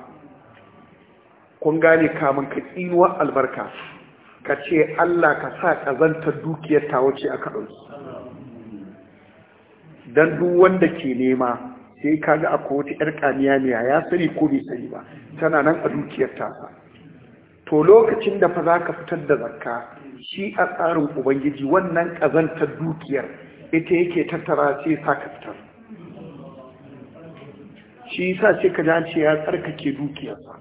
kun gane kamun ka tsinuwa albarka ka ce Allah ka sa ƙazantar dukiyar ta wuce a kaɗansu don duk wanda ke nema sai kaga akwai wata 'yar a ya sani ko bai sani ba tana nan a dukiyar tasa to lokacin da fa za ka fitar da zakka shi a tsarin ubangiji wannan ƙazantar dukiyar ita yake tattara sai sa ka fitar shi sa ce ka dace ya tsarkake dukiyarsa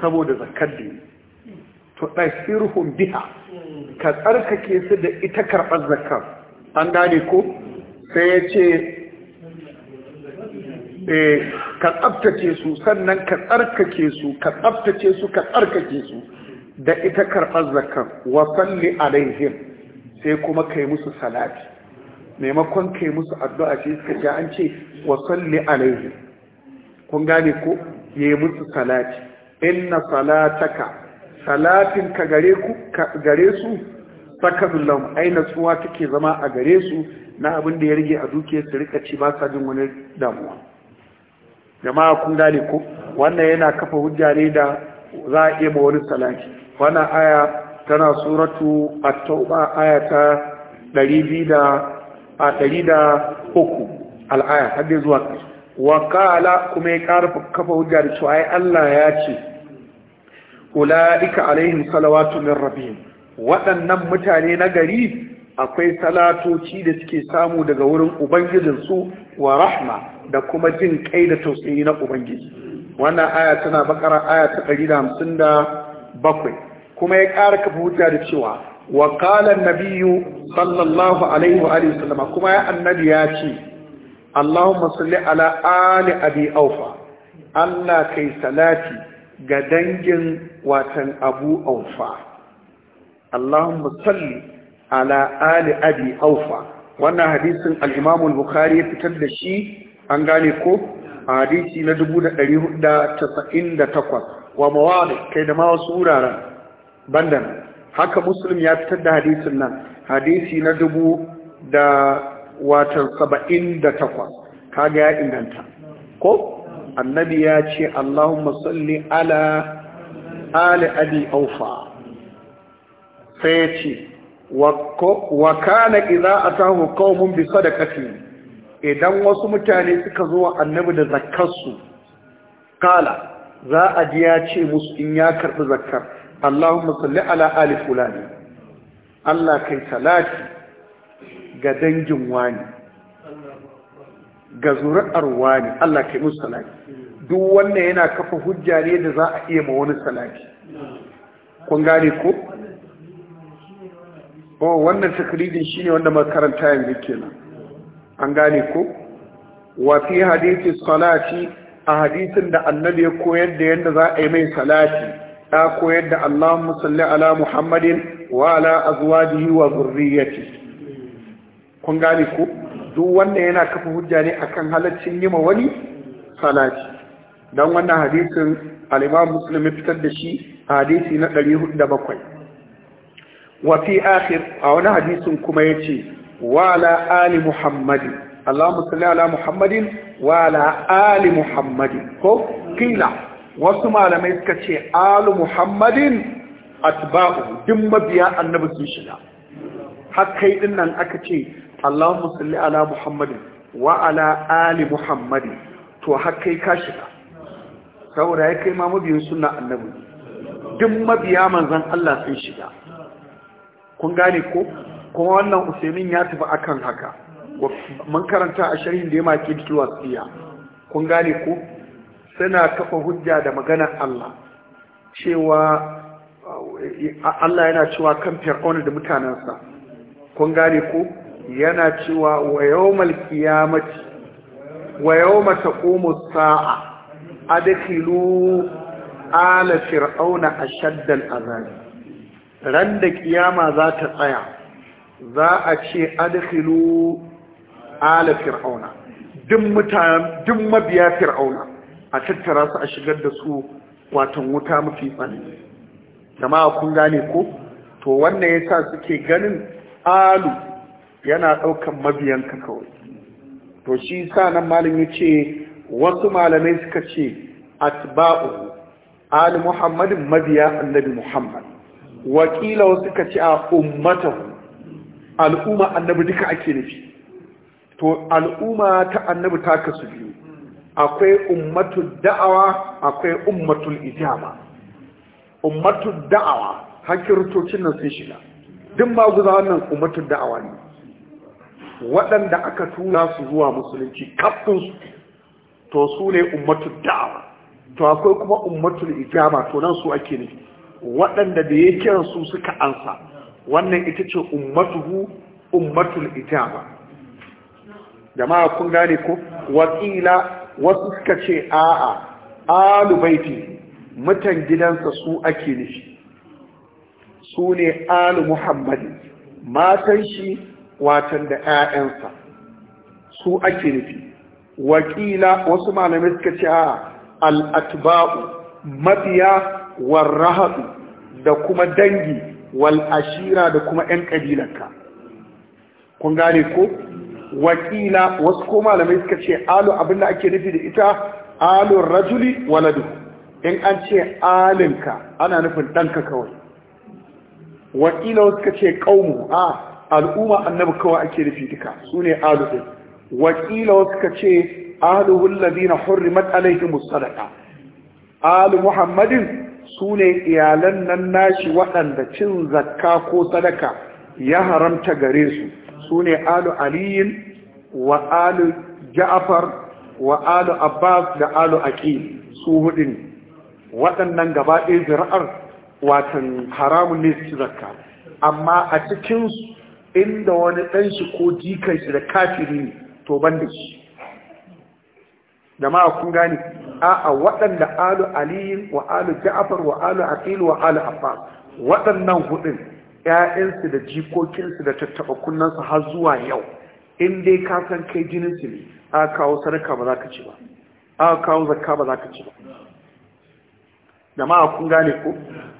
saboda zakar da yi to ɗasirhun biha ka tsarkake su da ita karɓar zakar an gane ko sai ya ce eh, ka tsabtace su sannan ka tsarkake su ka tsabtace su ka tsarkake su da ita karɓar zakar wa salli alaihim sai kuma kai musu salati maimakon kai musu addu'a ce suka ce an ce wa salli alaihim kun gane ko yi musu salati inna salataka salatin ka gare ku gare su sakanun lam aina tsuwa take zama a gare su na abin da ya rage a dukiyar su rika ci ba sa jin wani damuwa jama'a kun gane ko wannan yana kafa hujja ne da za a iya wani salati wannan aya tana suratu at-tauba aya ta 200 a 300 al'aya har zuwa ƙarshe wa kuma ya ƙara kafa hujja da cewa ai Allah ya ce ulaika alaihim salawatu min rabbihim waɗannan mutane na gari akwai salatoci da suke samu daga wurin su wa rahma da kuma jin kai da tausayi na ubangiji wannan aya tana bakara aya ta 157 kuma ya ƙara kafa hujja da cewa wa qala an-nabiyyu sallallahu alaihi wa alihi kuma ya annabi ya ce Allahumma salli ala ali abi aufa Allah kai salati ga dangin watan abu aufa Allahumma salli ala ali abi aufa wannan hadisin al bukhari ya fitar da shi an gane ko hadisi na 1498 wa mawali kai da ma wasu wuraren bandan haka muslim ya fitar da hadisin nan hadisi na dubu da watan saba'in da takwas kaga ya inganta ko annabi ya ce allahumma salli ala ali abi aufa sai ya ce wa kana idza atahu qaumun bi sadaqati idan wasu mutane suka zo wa annabi da zakkarsu kala za a ji ya ce musu in ya karɓi zakkar allahumma salli ala ali fulani Allah kai salati ga dangin wani ga zuri'ar wani Allah kai musu salati duk wannan yana kafa hujja ne da za a iya ma wani salati kun gane ko oh wannan takridin shine wanda makaranta yanzu kenan an gane ko wa fi hadisi salati a hadisin da annabi ya koyar da yadda za a yi mai salati ta koyar da Allahumma salli ala Muhammadin wa ala azwajihi wa zurriyatihi kun gane ko duk wannan yana kafa hujja ne akan halaccin yima wani salati dan wannan hadisin al-Imam Muslim fitar da shi hadisi na 407 wa fi akhir a wani hadisin kuma yace wa ala ali muhammadin Allahumma salli ala muhammadin wa ala ali muhammadin ko kila wasu malamai suka ce alu muhammadin atba'u duk mabiya annabi su shiga har kai din nan aka ce Allahumma salli ala Muhammadin wa ala ali Muhammadin to har ka shiga saboda ya kai ma mabiyin sunna annabi duk mabiya manzon Allah sun shiga kun gane ko kuma wannan usainin ya tafi akan haka mun karanta a sharhin da ya maki wasiya kun gane ko suna kafa hujja da maganar Allah cewa Allah yana cewa kan fir'auna da mutanensa kun gane ko yana cewa wa yawmal qiyamati wa yawma taqumu saa adkhilu ala fir'auna ashadda al ran da kiyama za ta tsaya za a ce adkhilu ala fir'auna duk mabiya fir'auna a tattara su a shigar da su watan wuta mafi tsanani jama'a kun gane ko to wannan yasa suke ganin alu yana ɗaukan mabiyanka kawai to shi sa nan malam ya ce wasu malamai suka ce atba'u ali muhammadin mabiya annabi muhammad wakila suka ce a ummatahu al'umma annabi duka ake nufi to al'umma ta annabi ta kasu biyu akwai ummatul da'awa akwai ummatul ijaba ummatul da'awa rutocin nan sun shiga duk guza wannan ummatul da'awa ne waɗanda aka tura su zuwa musulunci kafinsu to su ne ummatu da'awa to akwai kuma ummatul ijama to nan su ake ne waɗanda da ya kira su suka ansa wannan ita ce ummatuhu ummatu ijama jama'a kun gane ko Watsila, wasu suka ce a'a alu baiti mutan gidansa su ake nufi su ne alu muhammadi matan shi watan da 'ya'yansa su ake nufi wakila wasu malamai suka ce a al'atba'u mabiya warrahatu da kuma dangi wal'ashira, da kuma 'yan ƙabilanka kun gane ko wakila wasu ko malamai suka ce alu da ake nufi da ita lu rajuli waladu in an ce alinka ana nufin ɗanka kawai wakila wasu suka ce ƙaunu a al'umma annabi kawai ake da fitika, su ne alu ɗin wakila wasu ka ce aluhun ladina hurrimat alaihimus sadaka alu muhammadin su ne iyalan nan nashi waɗanda cin zakka ko sadaka ya haramta gare su su ne alu aliyin wa alu ja'afar wa alu abbas da alu Aki su hudu ne waɗannan gaba ɗaya zira'ar watan haramun ne su zakka amma a cikinsu inda wani ɗan shi ko jikan shi da kafiri ne to ban da shi jama'a kun gane a'a waɗanda alu aliyin wa alu ja'afar wa alu aqil wa alu afa waɗannan hudun ƴaƴansu da jikokinsu da tattaɓa kunnansu har zuwa yau in dai ka san kai jinin su ne a kawo sadaka ba za ka ci ba a kawo zakka ba za ka ci ba jama'a kun gane ko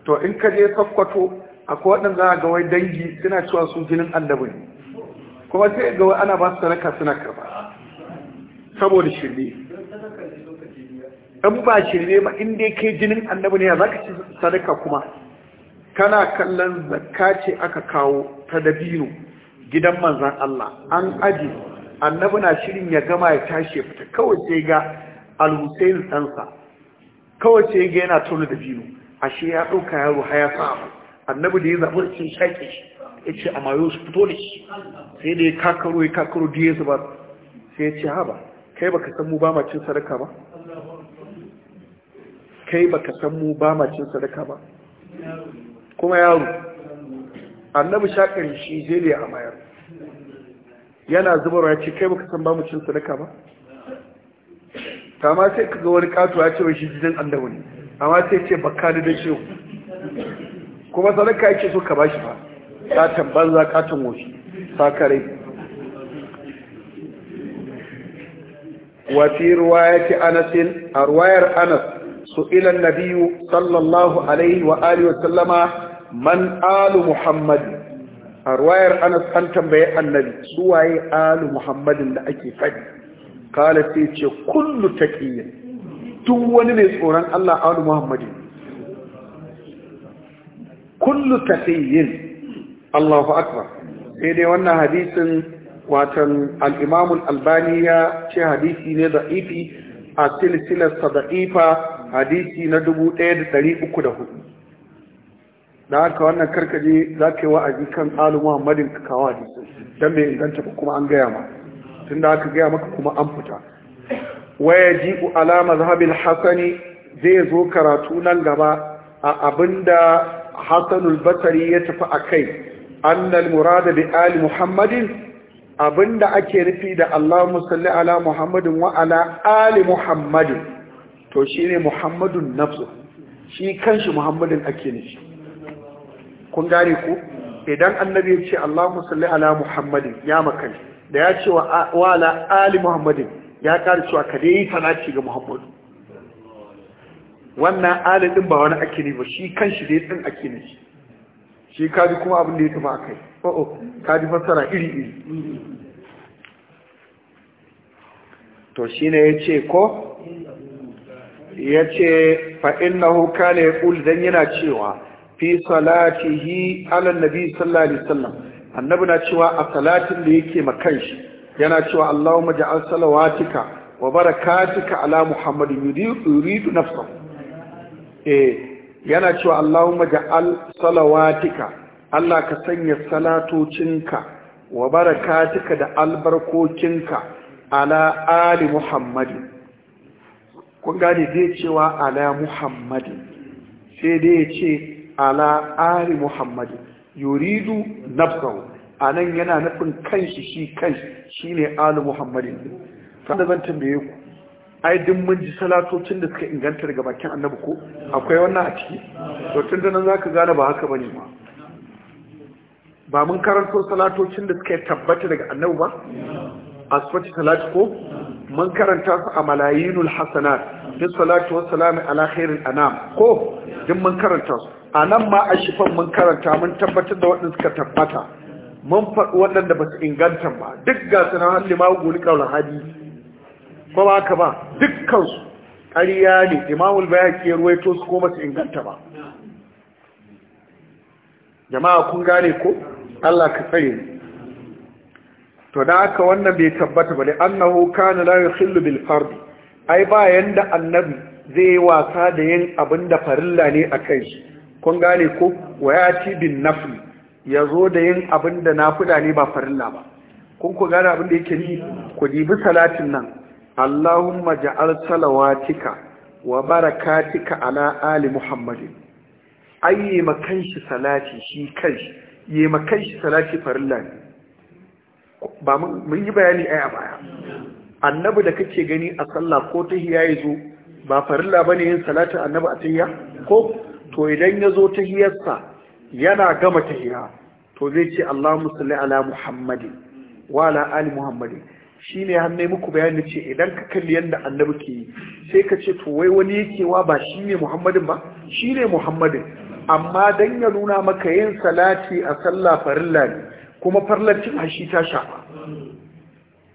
to in ka je sakkwato akwai waɗanda za a gawai dangi suna cewa su jinin annabi kuma sai ga ana ba su sadaka suna karba saboda shirme in ba shirye ba in dai kai jinin annabi ne ya za ka ci sadaka kuma kana kallon zakka ce aka kawo ta dabino gidan manzan Allah an aji annabi na shirin ya gama ya tashi ya fita kawai sai ga al-Husayn ɗansa kawai sai ga yana tona dabino ashe ya ɗauka yaro haya sa abu annabi da ya zaɓi cin shaƙe shi ya ce a mayo su fito da shi sai da ya kakaro ya kakaro da ya zuba sai ya ce haɓa kai baka san mu ba ma cin sadaka ba kai baka san mu ba ma cin sadaka ba kuma yaro annabi shaƙar shi zai da ya amayar yana zubar ya ce kai baka san ba mu cin sadaka ba kama sai ka ga wani kato ya ce wa shi jidan annabi ne amma sai ce bakka da shehu kuma sadaka yake so ka bashi ba katon banza katon woshi sakare wafi ruwayati anasin a ruwayar anas su ilan biyu sallallahu alaihi wa aliyu sallama man alu muhammadin a ruwayar anas an tambaye annabi su alu muhammadin da ake faɗi kala sai ce kullu taƙiyyar tun wani mai tsoron allah alu muhammadin kullu tafiyin Allahu akbar sai dai wannan hadisin watan al albani ya ce hadisi ne za'ifi a silsilar sada'ifa hadisi na 1304 da haka wannan karkaje za ka yi wa'azi kan tsalin Muhammadin ka kawo hadisi don mai inganta ba kuma an gaya ma tun da aka gaya maka kuma an fita waya ji'u alama zahabin Hassani zai zo karatu nan gaba a abinda hasanul basari ya tafi a kai annal murada bi ali muhammadin abinda ake rufi da Allah musalli ala muhammadin wa ala ali muhammadin to shi ne muhammadun nafsu shi kanshi muhammadin ake nufi kun gane ku idan annabi ya ce Allah musalli ala muhammadin ya makani, da ya ce wa ala ali muhammadin ya ƙarci wa ka dai yi fanaci ga muhammadu wannan alin din ba wani ake ne ba shi kan shi dai din ake ne shi ka kaji kuma abin da ya tafi kai o'o oh, oh, kaji fassara iri iri to shi ne ya ce ko Ya yace fa innahu kana ƙul don yana cewa fi salati hi al'an nabi sallari sallam wasallam annabi na cewa a salatin da yake makan shi yana cewa Allahumma ja'al salawatika wa barakatika ala Muhammadin yuridu nafsahu eh yana cewa Allahumma ja'al salawatika Allah ka sanya salatocinka wa barakatika da albarkokinka ala ali Muhammadin kun gane zai cewa ala Muhammadin sai dai ya ce ala ali Muhammadin yuridu nafsahu anan yana nufin kanshi shi kai shine ali Muhammadin da zan tambaye ku ai duk mun ji salatocin da suka inganta daga bakin annabi ko akwai wannan a ciki to tun da nan zaka gane ba haka bane ba ba mun karanto salatocin da suka tabbata daga annabi ba asfati salat ko mun karanta su a malayinul hasanat bi salatu wassalamu ala khairil anam ko duk mun karanta su anan ma a shifan mun karanta mun tabbatar da waɗanda suka tabbata mun faɗi waɗanda ba su inganta ba duk ga sunan halima guli kaula hadi ba ba ka ba dukkansu ƙariya ne imamul baya ya ruwaito su ko masu inganta ba jama'a kun gane ko Allah ka tsare to da aka wannan bai tabbata ba dai annahu kana la yukhillu bil fard ai ba yanda annabi zai yi wasa da yin abin da farilla ne a kai shi kun gane ko ci bin Ya zo da yin abin abinda nafila ne ba farilla ba kun ku gane abin da yake ni ku dibi salatin nan Allahumma ja'al salawatika wa barakatika ala ali Muhammadin ayi makan shi salati shi kai yi makan shi salati farilla ne ba mun yi bayani ai a baya annabi da kake gani a sallah ko tahiyya zo, ba farilla bane yin salatin annabi a tahiyya ko to idan ya yazo tahiyyarsa yana gama tahiyya to zai ce Allahumma salli ala Muhammadin wa ala ali Muhammadin shi ne hannu muku bayani ce idan ka kalli yadda annabi ke yi sai ka ce to wai wani yake wa ba shi ne muhammadin ba shi ne muhammadin amma don ya nuna maka yin salati a salla farilla ne kuma farlancin hashi ta shafa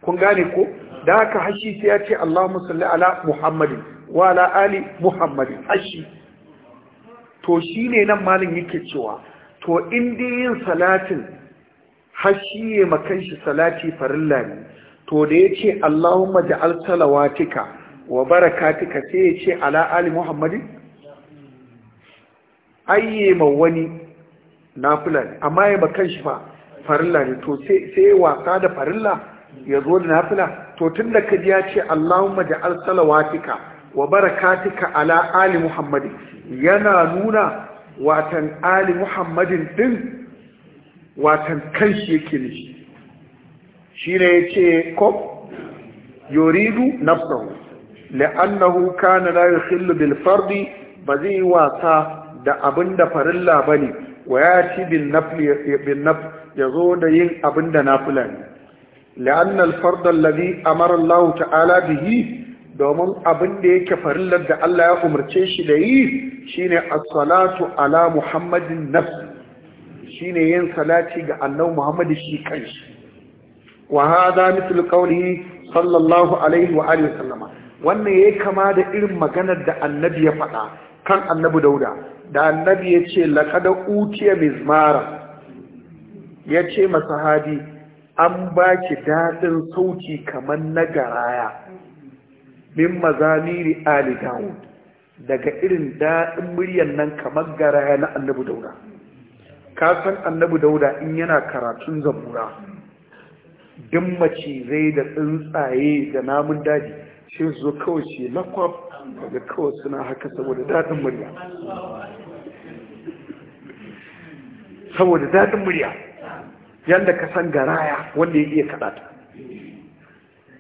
kun gane ko da haka hashi sai ya ce allah salli ala muhammadin wa ala ali muhammadin hashi to shi ne nan malin yake cewa to inda yin salatin hashi ya makanshi shi salati farin ne to da ya ce Allahumma ja'al salawatika wa barakatika sai ya ce ala ali Muhammadin ayye ma wani nafila ne amma ya bakan shi fa farilla ne to sai ya wasa da farilla ya zo da nafila to tun da kaji ya ce Allahumma ja'al salawatika wa barakatika ala ali Muhammadin yana nuna watan ali Muhammadin din watan kanshi yake nishi shi ne ya ce ko yoridu nafsahu la'annahu kana la yukhillu bil fardi ba zai yi wasa da abin da farilla bane wa ya ci bil naf ya zo da yin abin da nafila ne la'anna al fard alladhi amara Allah ta'ala bihi domin abin da yake farillar da Allah ya umarce shi da yi shine as ala muhammadin nafs shine yin salati ga annabi muhammad shi kanshi wa hada mithlu sallallahu alaihi wa alihi sallama wannan yayi kama da irin maganar da annabi ya faɗa kan annabi dauda da annabi ya ce laqad utiya mizmara ya ce masahadi an baki daɗin sauki kamar na garaya min mazamiri ali dawud daga irin daɗin muryan nan kamar garaya na annabi dauda ka san annabi dauda in yana karatun zabura duk zai da tsuntsaye da namun daji shi zo kawai ce lakwaf? da kawai suna haka saboda daɗin murya saboda daɗin murya yadda ka san garaya wanda ya iya kaɗa ta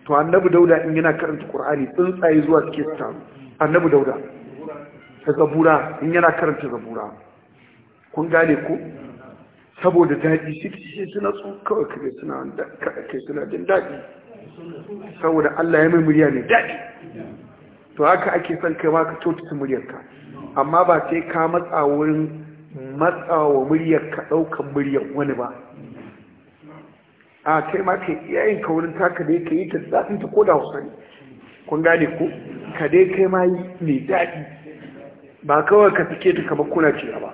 to annabi dauda in yana karanta ƙur'ani tsuntsaye zuwa suke su taru annabi dauda ta zabura in yana karanta zabura kun gane ko saboda daɗi shi suna tsokawar kare suna kai suna jin daɗi saboda Allah ya mai murya ne daɗi to haka ake son kai ma ka kyautata muryarka amma ba sai ka matsa wurin matsawa muryarka ɗaukan muryar wani ba a kai ma ka iyayen ka wurin taka da ka yi ta daɗin ta ko da hausa ne kun gane ko ka dai kai ma yi mai daɗi ba kawai ka fike ta kamar kuna ce ba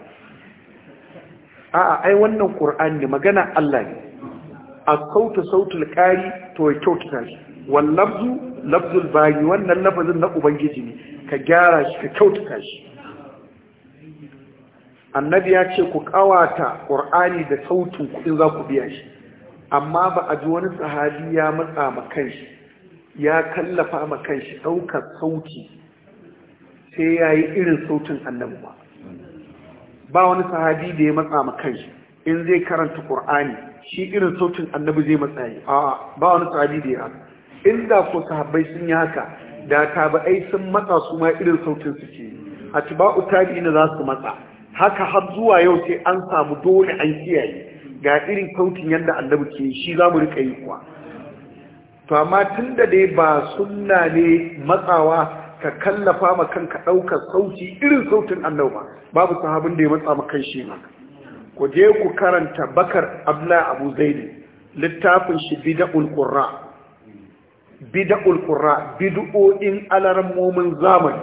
a'a ai wannan qur'ani ne magana Allah ne a kauta sautul qari to ya kyautata shi wal lafzu lafzul wannan lafazin na ubangiji ne ka gyara shi ka kyautata shi annabi ya ce ku kawata qur'ani da sautin ku in za ku biya shi amma ba a ji wani sahabi ya matsa ma kanshi ya kallafa ma shi daukar sauti sai yayi irin sautin annabi ba ba wani sahabi da ya matsa ma kanshi in zai karanta qur'ani shi irin sautin annabi zai matsa yi a ba wani sahabi da ya haka inda ko sahabbai sun yi haka da tabi'ai sun matsa su ma irin sautin su suke a tiba'u tabi'ina za su matsa haka har zuwa yau sai an samu dole an kiyaye ga irin sautin yadda annabi ke shi za mu rika yi kuwa to amma tunda dai ba sunna ne matsawa ka kallafa ma kanka ɗaukar sauti irin sautin annabi ba babu sahabin da ya matsa ma kai shi ma ku je ku karanta bakar abla abu zaidi littafin shi bida'ul qurra bida'ul qurra bid'o'in alarmomin zamani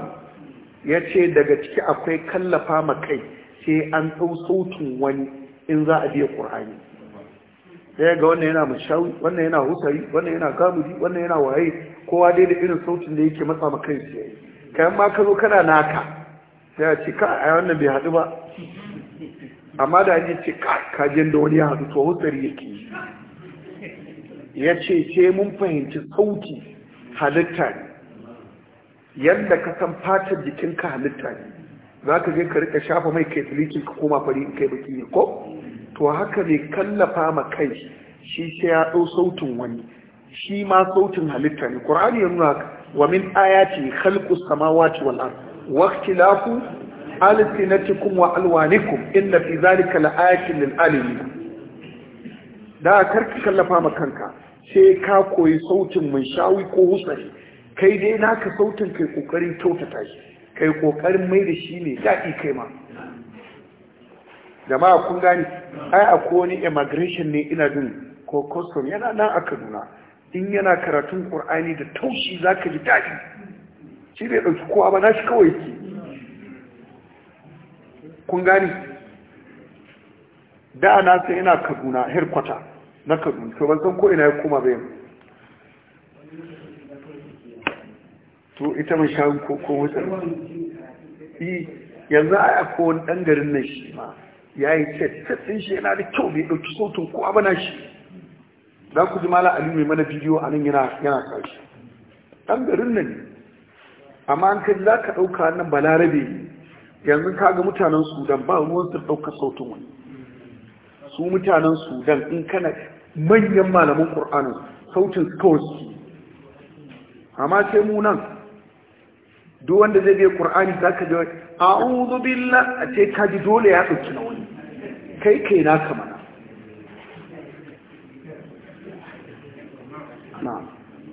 yace daga ciki akwai kallafa ma kai sai an ɗau sautin wani in za a biya qur'ani sai ga wannan yana mashawi wannan yana hutari, wannan yana gamudi wannan yana waye kowa dai da irin sautin da yake matsa ma kai shi yayi kayan ka zo kana naka sai a ce ka a wannan bai hadu ba amma da an ce ka kajin da wani ya haɗu to hutsari yake ya ce ce mun fahimci sauti halitta ne yadda ka san fatar jikinka halitta ne za ka je ka rika shafa mai kai tulikin ka koma fari in kai baki ne ko to haka ne kallafa ma kai shi sai ya ɗau sautin wani shi ma sautin halitta ne Qur'ani ya nuna wa min ayati khalqus samawati wal ard wa ikhtilafu alsinatikum wa alwanikum inna fi zalika laayatin lil alimin da karki kallafa ma kanka sai ka koyi sautin mun shawi ko husari kai dai naka sautin kai kokarin kyautata shi kai kokarin mai da shi ne daɗi kai ma jama'a kun gani ai akwai wani immigration ne ina jin ko custom yana nan a Kaduna in yana karatun ƙur'ani da taushi za ka ji daɗi shi bai ɗauki kowa ba na shi kawai ke kun gani da na sai ina kaduna herkwata na kaduna to ban san ko ina ya koma bayan to ita mai shagun ko wutar e, yanzu a yako wani ɗan garin nan shi ma ya yi ce tsin shi yana da kyau bai ɗauki sautin kowa ba na shi za ku ji mala alimu mai mana bidiyo a nan yana yana kashi ɗan garin nan ne amma an kai za ka ɗauka nan balarabe yanzu ka ga mutanen sudan ba ruwan sun ɗauka sautin wani su mutanen sudan in kana manyan malaman ƙur'anin sautin kawai amma sai mu nan duk wanda zai biya ƙur'ani za ka ji a'udhu billah a ce ka ji dole ya ɗauki na wani kai kai na kamar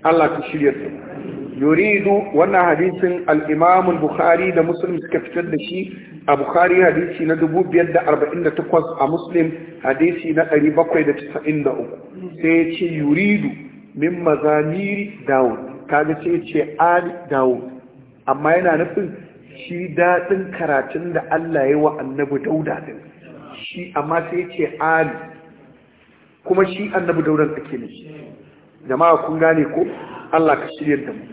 Allah ka shirya su yuridu wannan hadisin al-Imam bukhari da Muslim suka fitar da shi a Bukhari hadisi na 548 a Muslim hadisi na 793 sai ya ce yuridu min mazamiri Dawud kaga sai ya ce Ali, Dawud amma yana nufin shi daɗin karatun da Allah ya wa annabi Dauda din shi amma sai ya ce an kuma shi annabi Dauda ake nufi jama'a kun gane ko Allah ka shirya da mu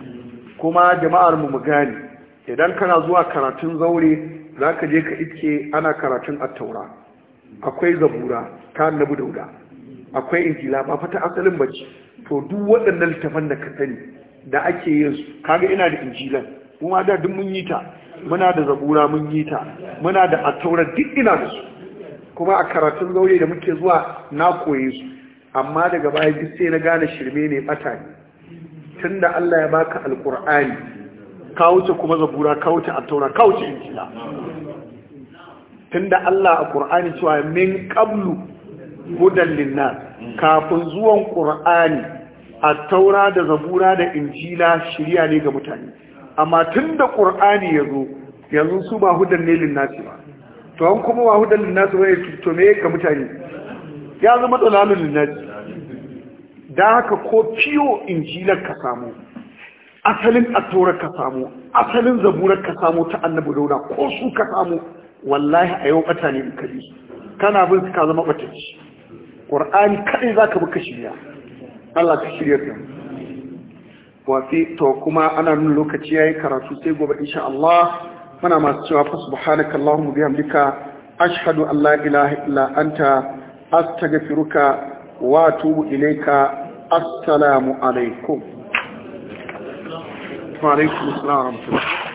kuma jama'ar mu mu gane idan kana zuwa karatun zaure za ka je ka iske ana karatun attaura akwai zabura ta annabi dauda akwai injila ba fata asalin bacci. to duk waɗannan littafan da ka sani da ake yin su kaga ina da injilan kuma da duk mun yi ta muna da zabura mun yi ta muna da attaura duk ina da su kuma a karatun zaure da muke zuwa na koye su amma daga baya duk sai na gane shirme ne bata ne tunda Allah ya baka alkur'ani ka wuce kuma zabura ka wuce attaura ka wuce injila tunda Allah a ƙur'ani cewa min ƙablu hudan linna, kafin zuwan a taura da zabura da injila shiriya ne ga mutane amma tunda ya zo yanzu su ba hudan ne linnas ba to an kuma ba hudan su ba to me ka mutane ya zama dalalun linnas da haka ko fiyo injilar ka samu asalin attorar ka samu asalin zaburar ka samu ta annabu dauna ko su ka samu wallahi a yau bata ne kali kana bin ka zama batacci qur'ani kadai zaka buka shirya Allah ka shirya ka wafi to kuma ana nuna lokaci yayi karatu sai gobe insha Allah muna masu cewa fa subhanaka allahumma bihamdika ashhadu an la ilaha illa anta astaghfiruka wa atubu ilayka السلام عليكم وعليكم السلام ورحمة الله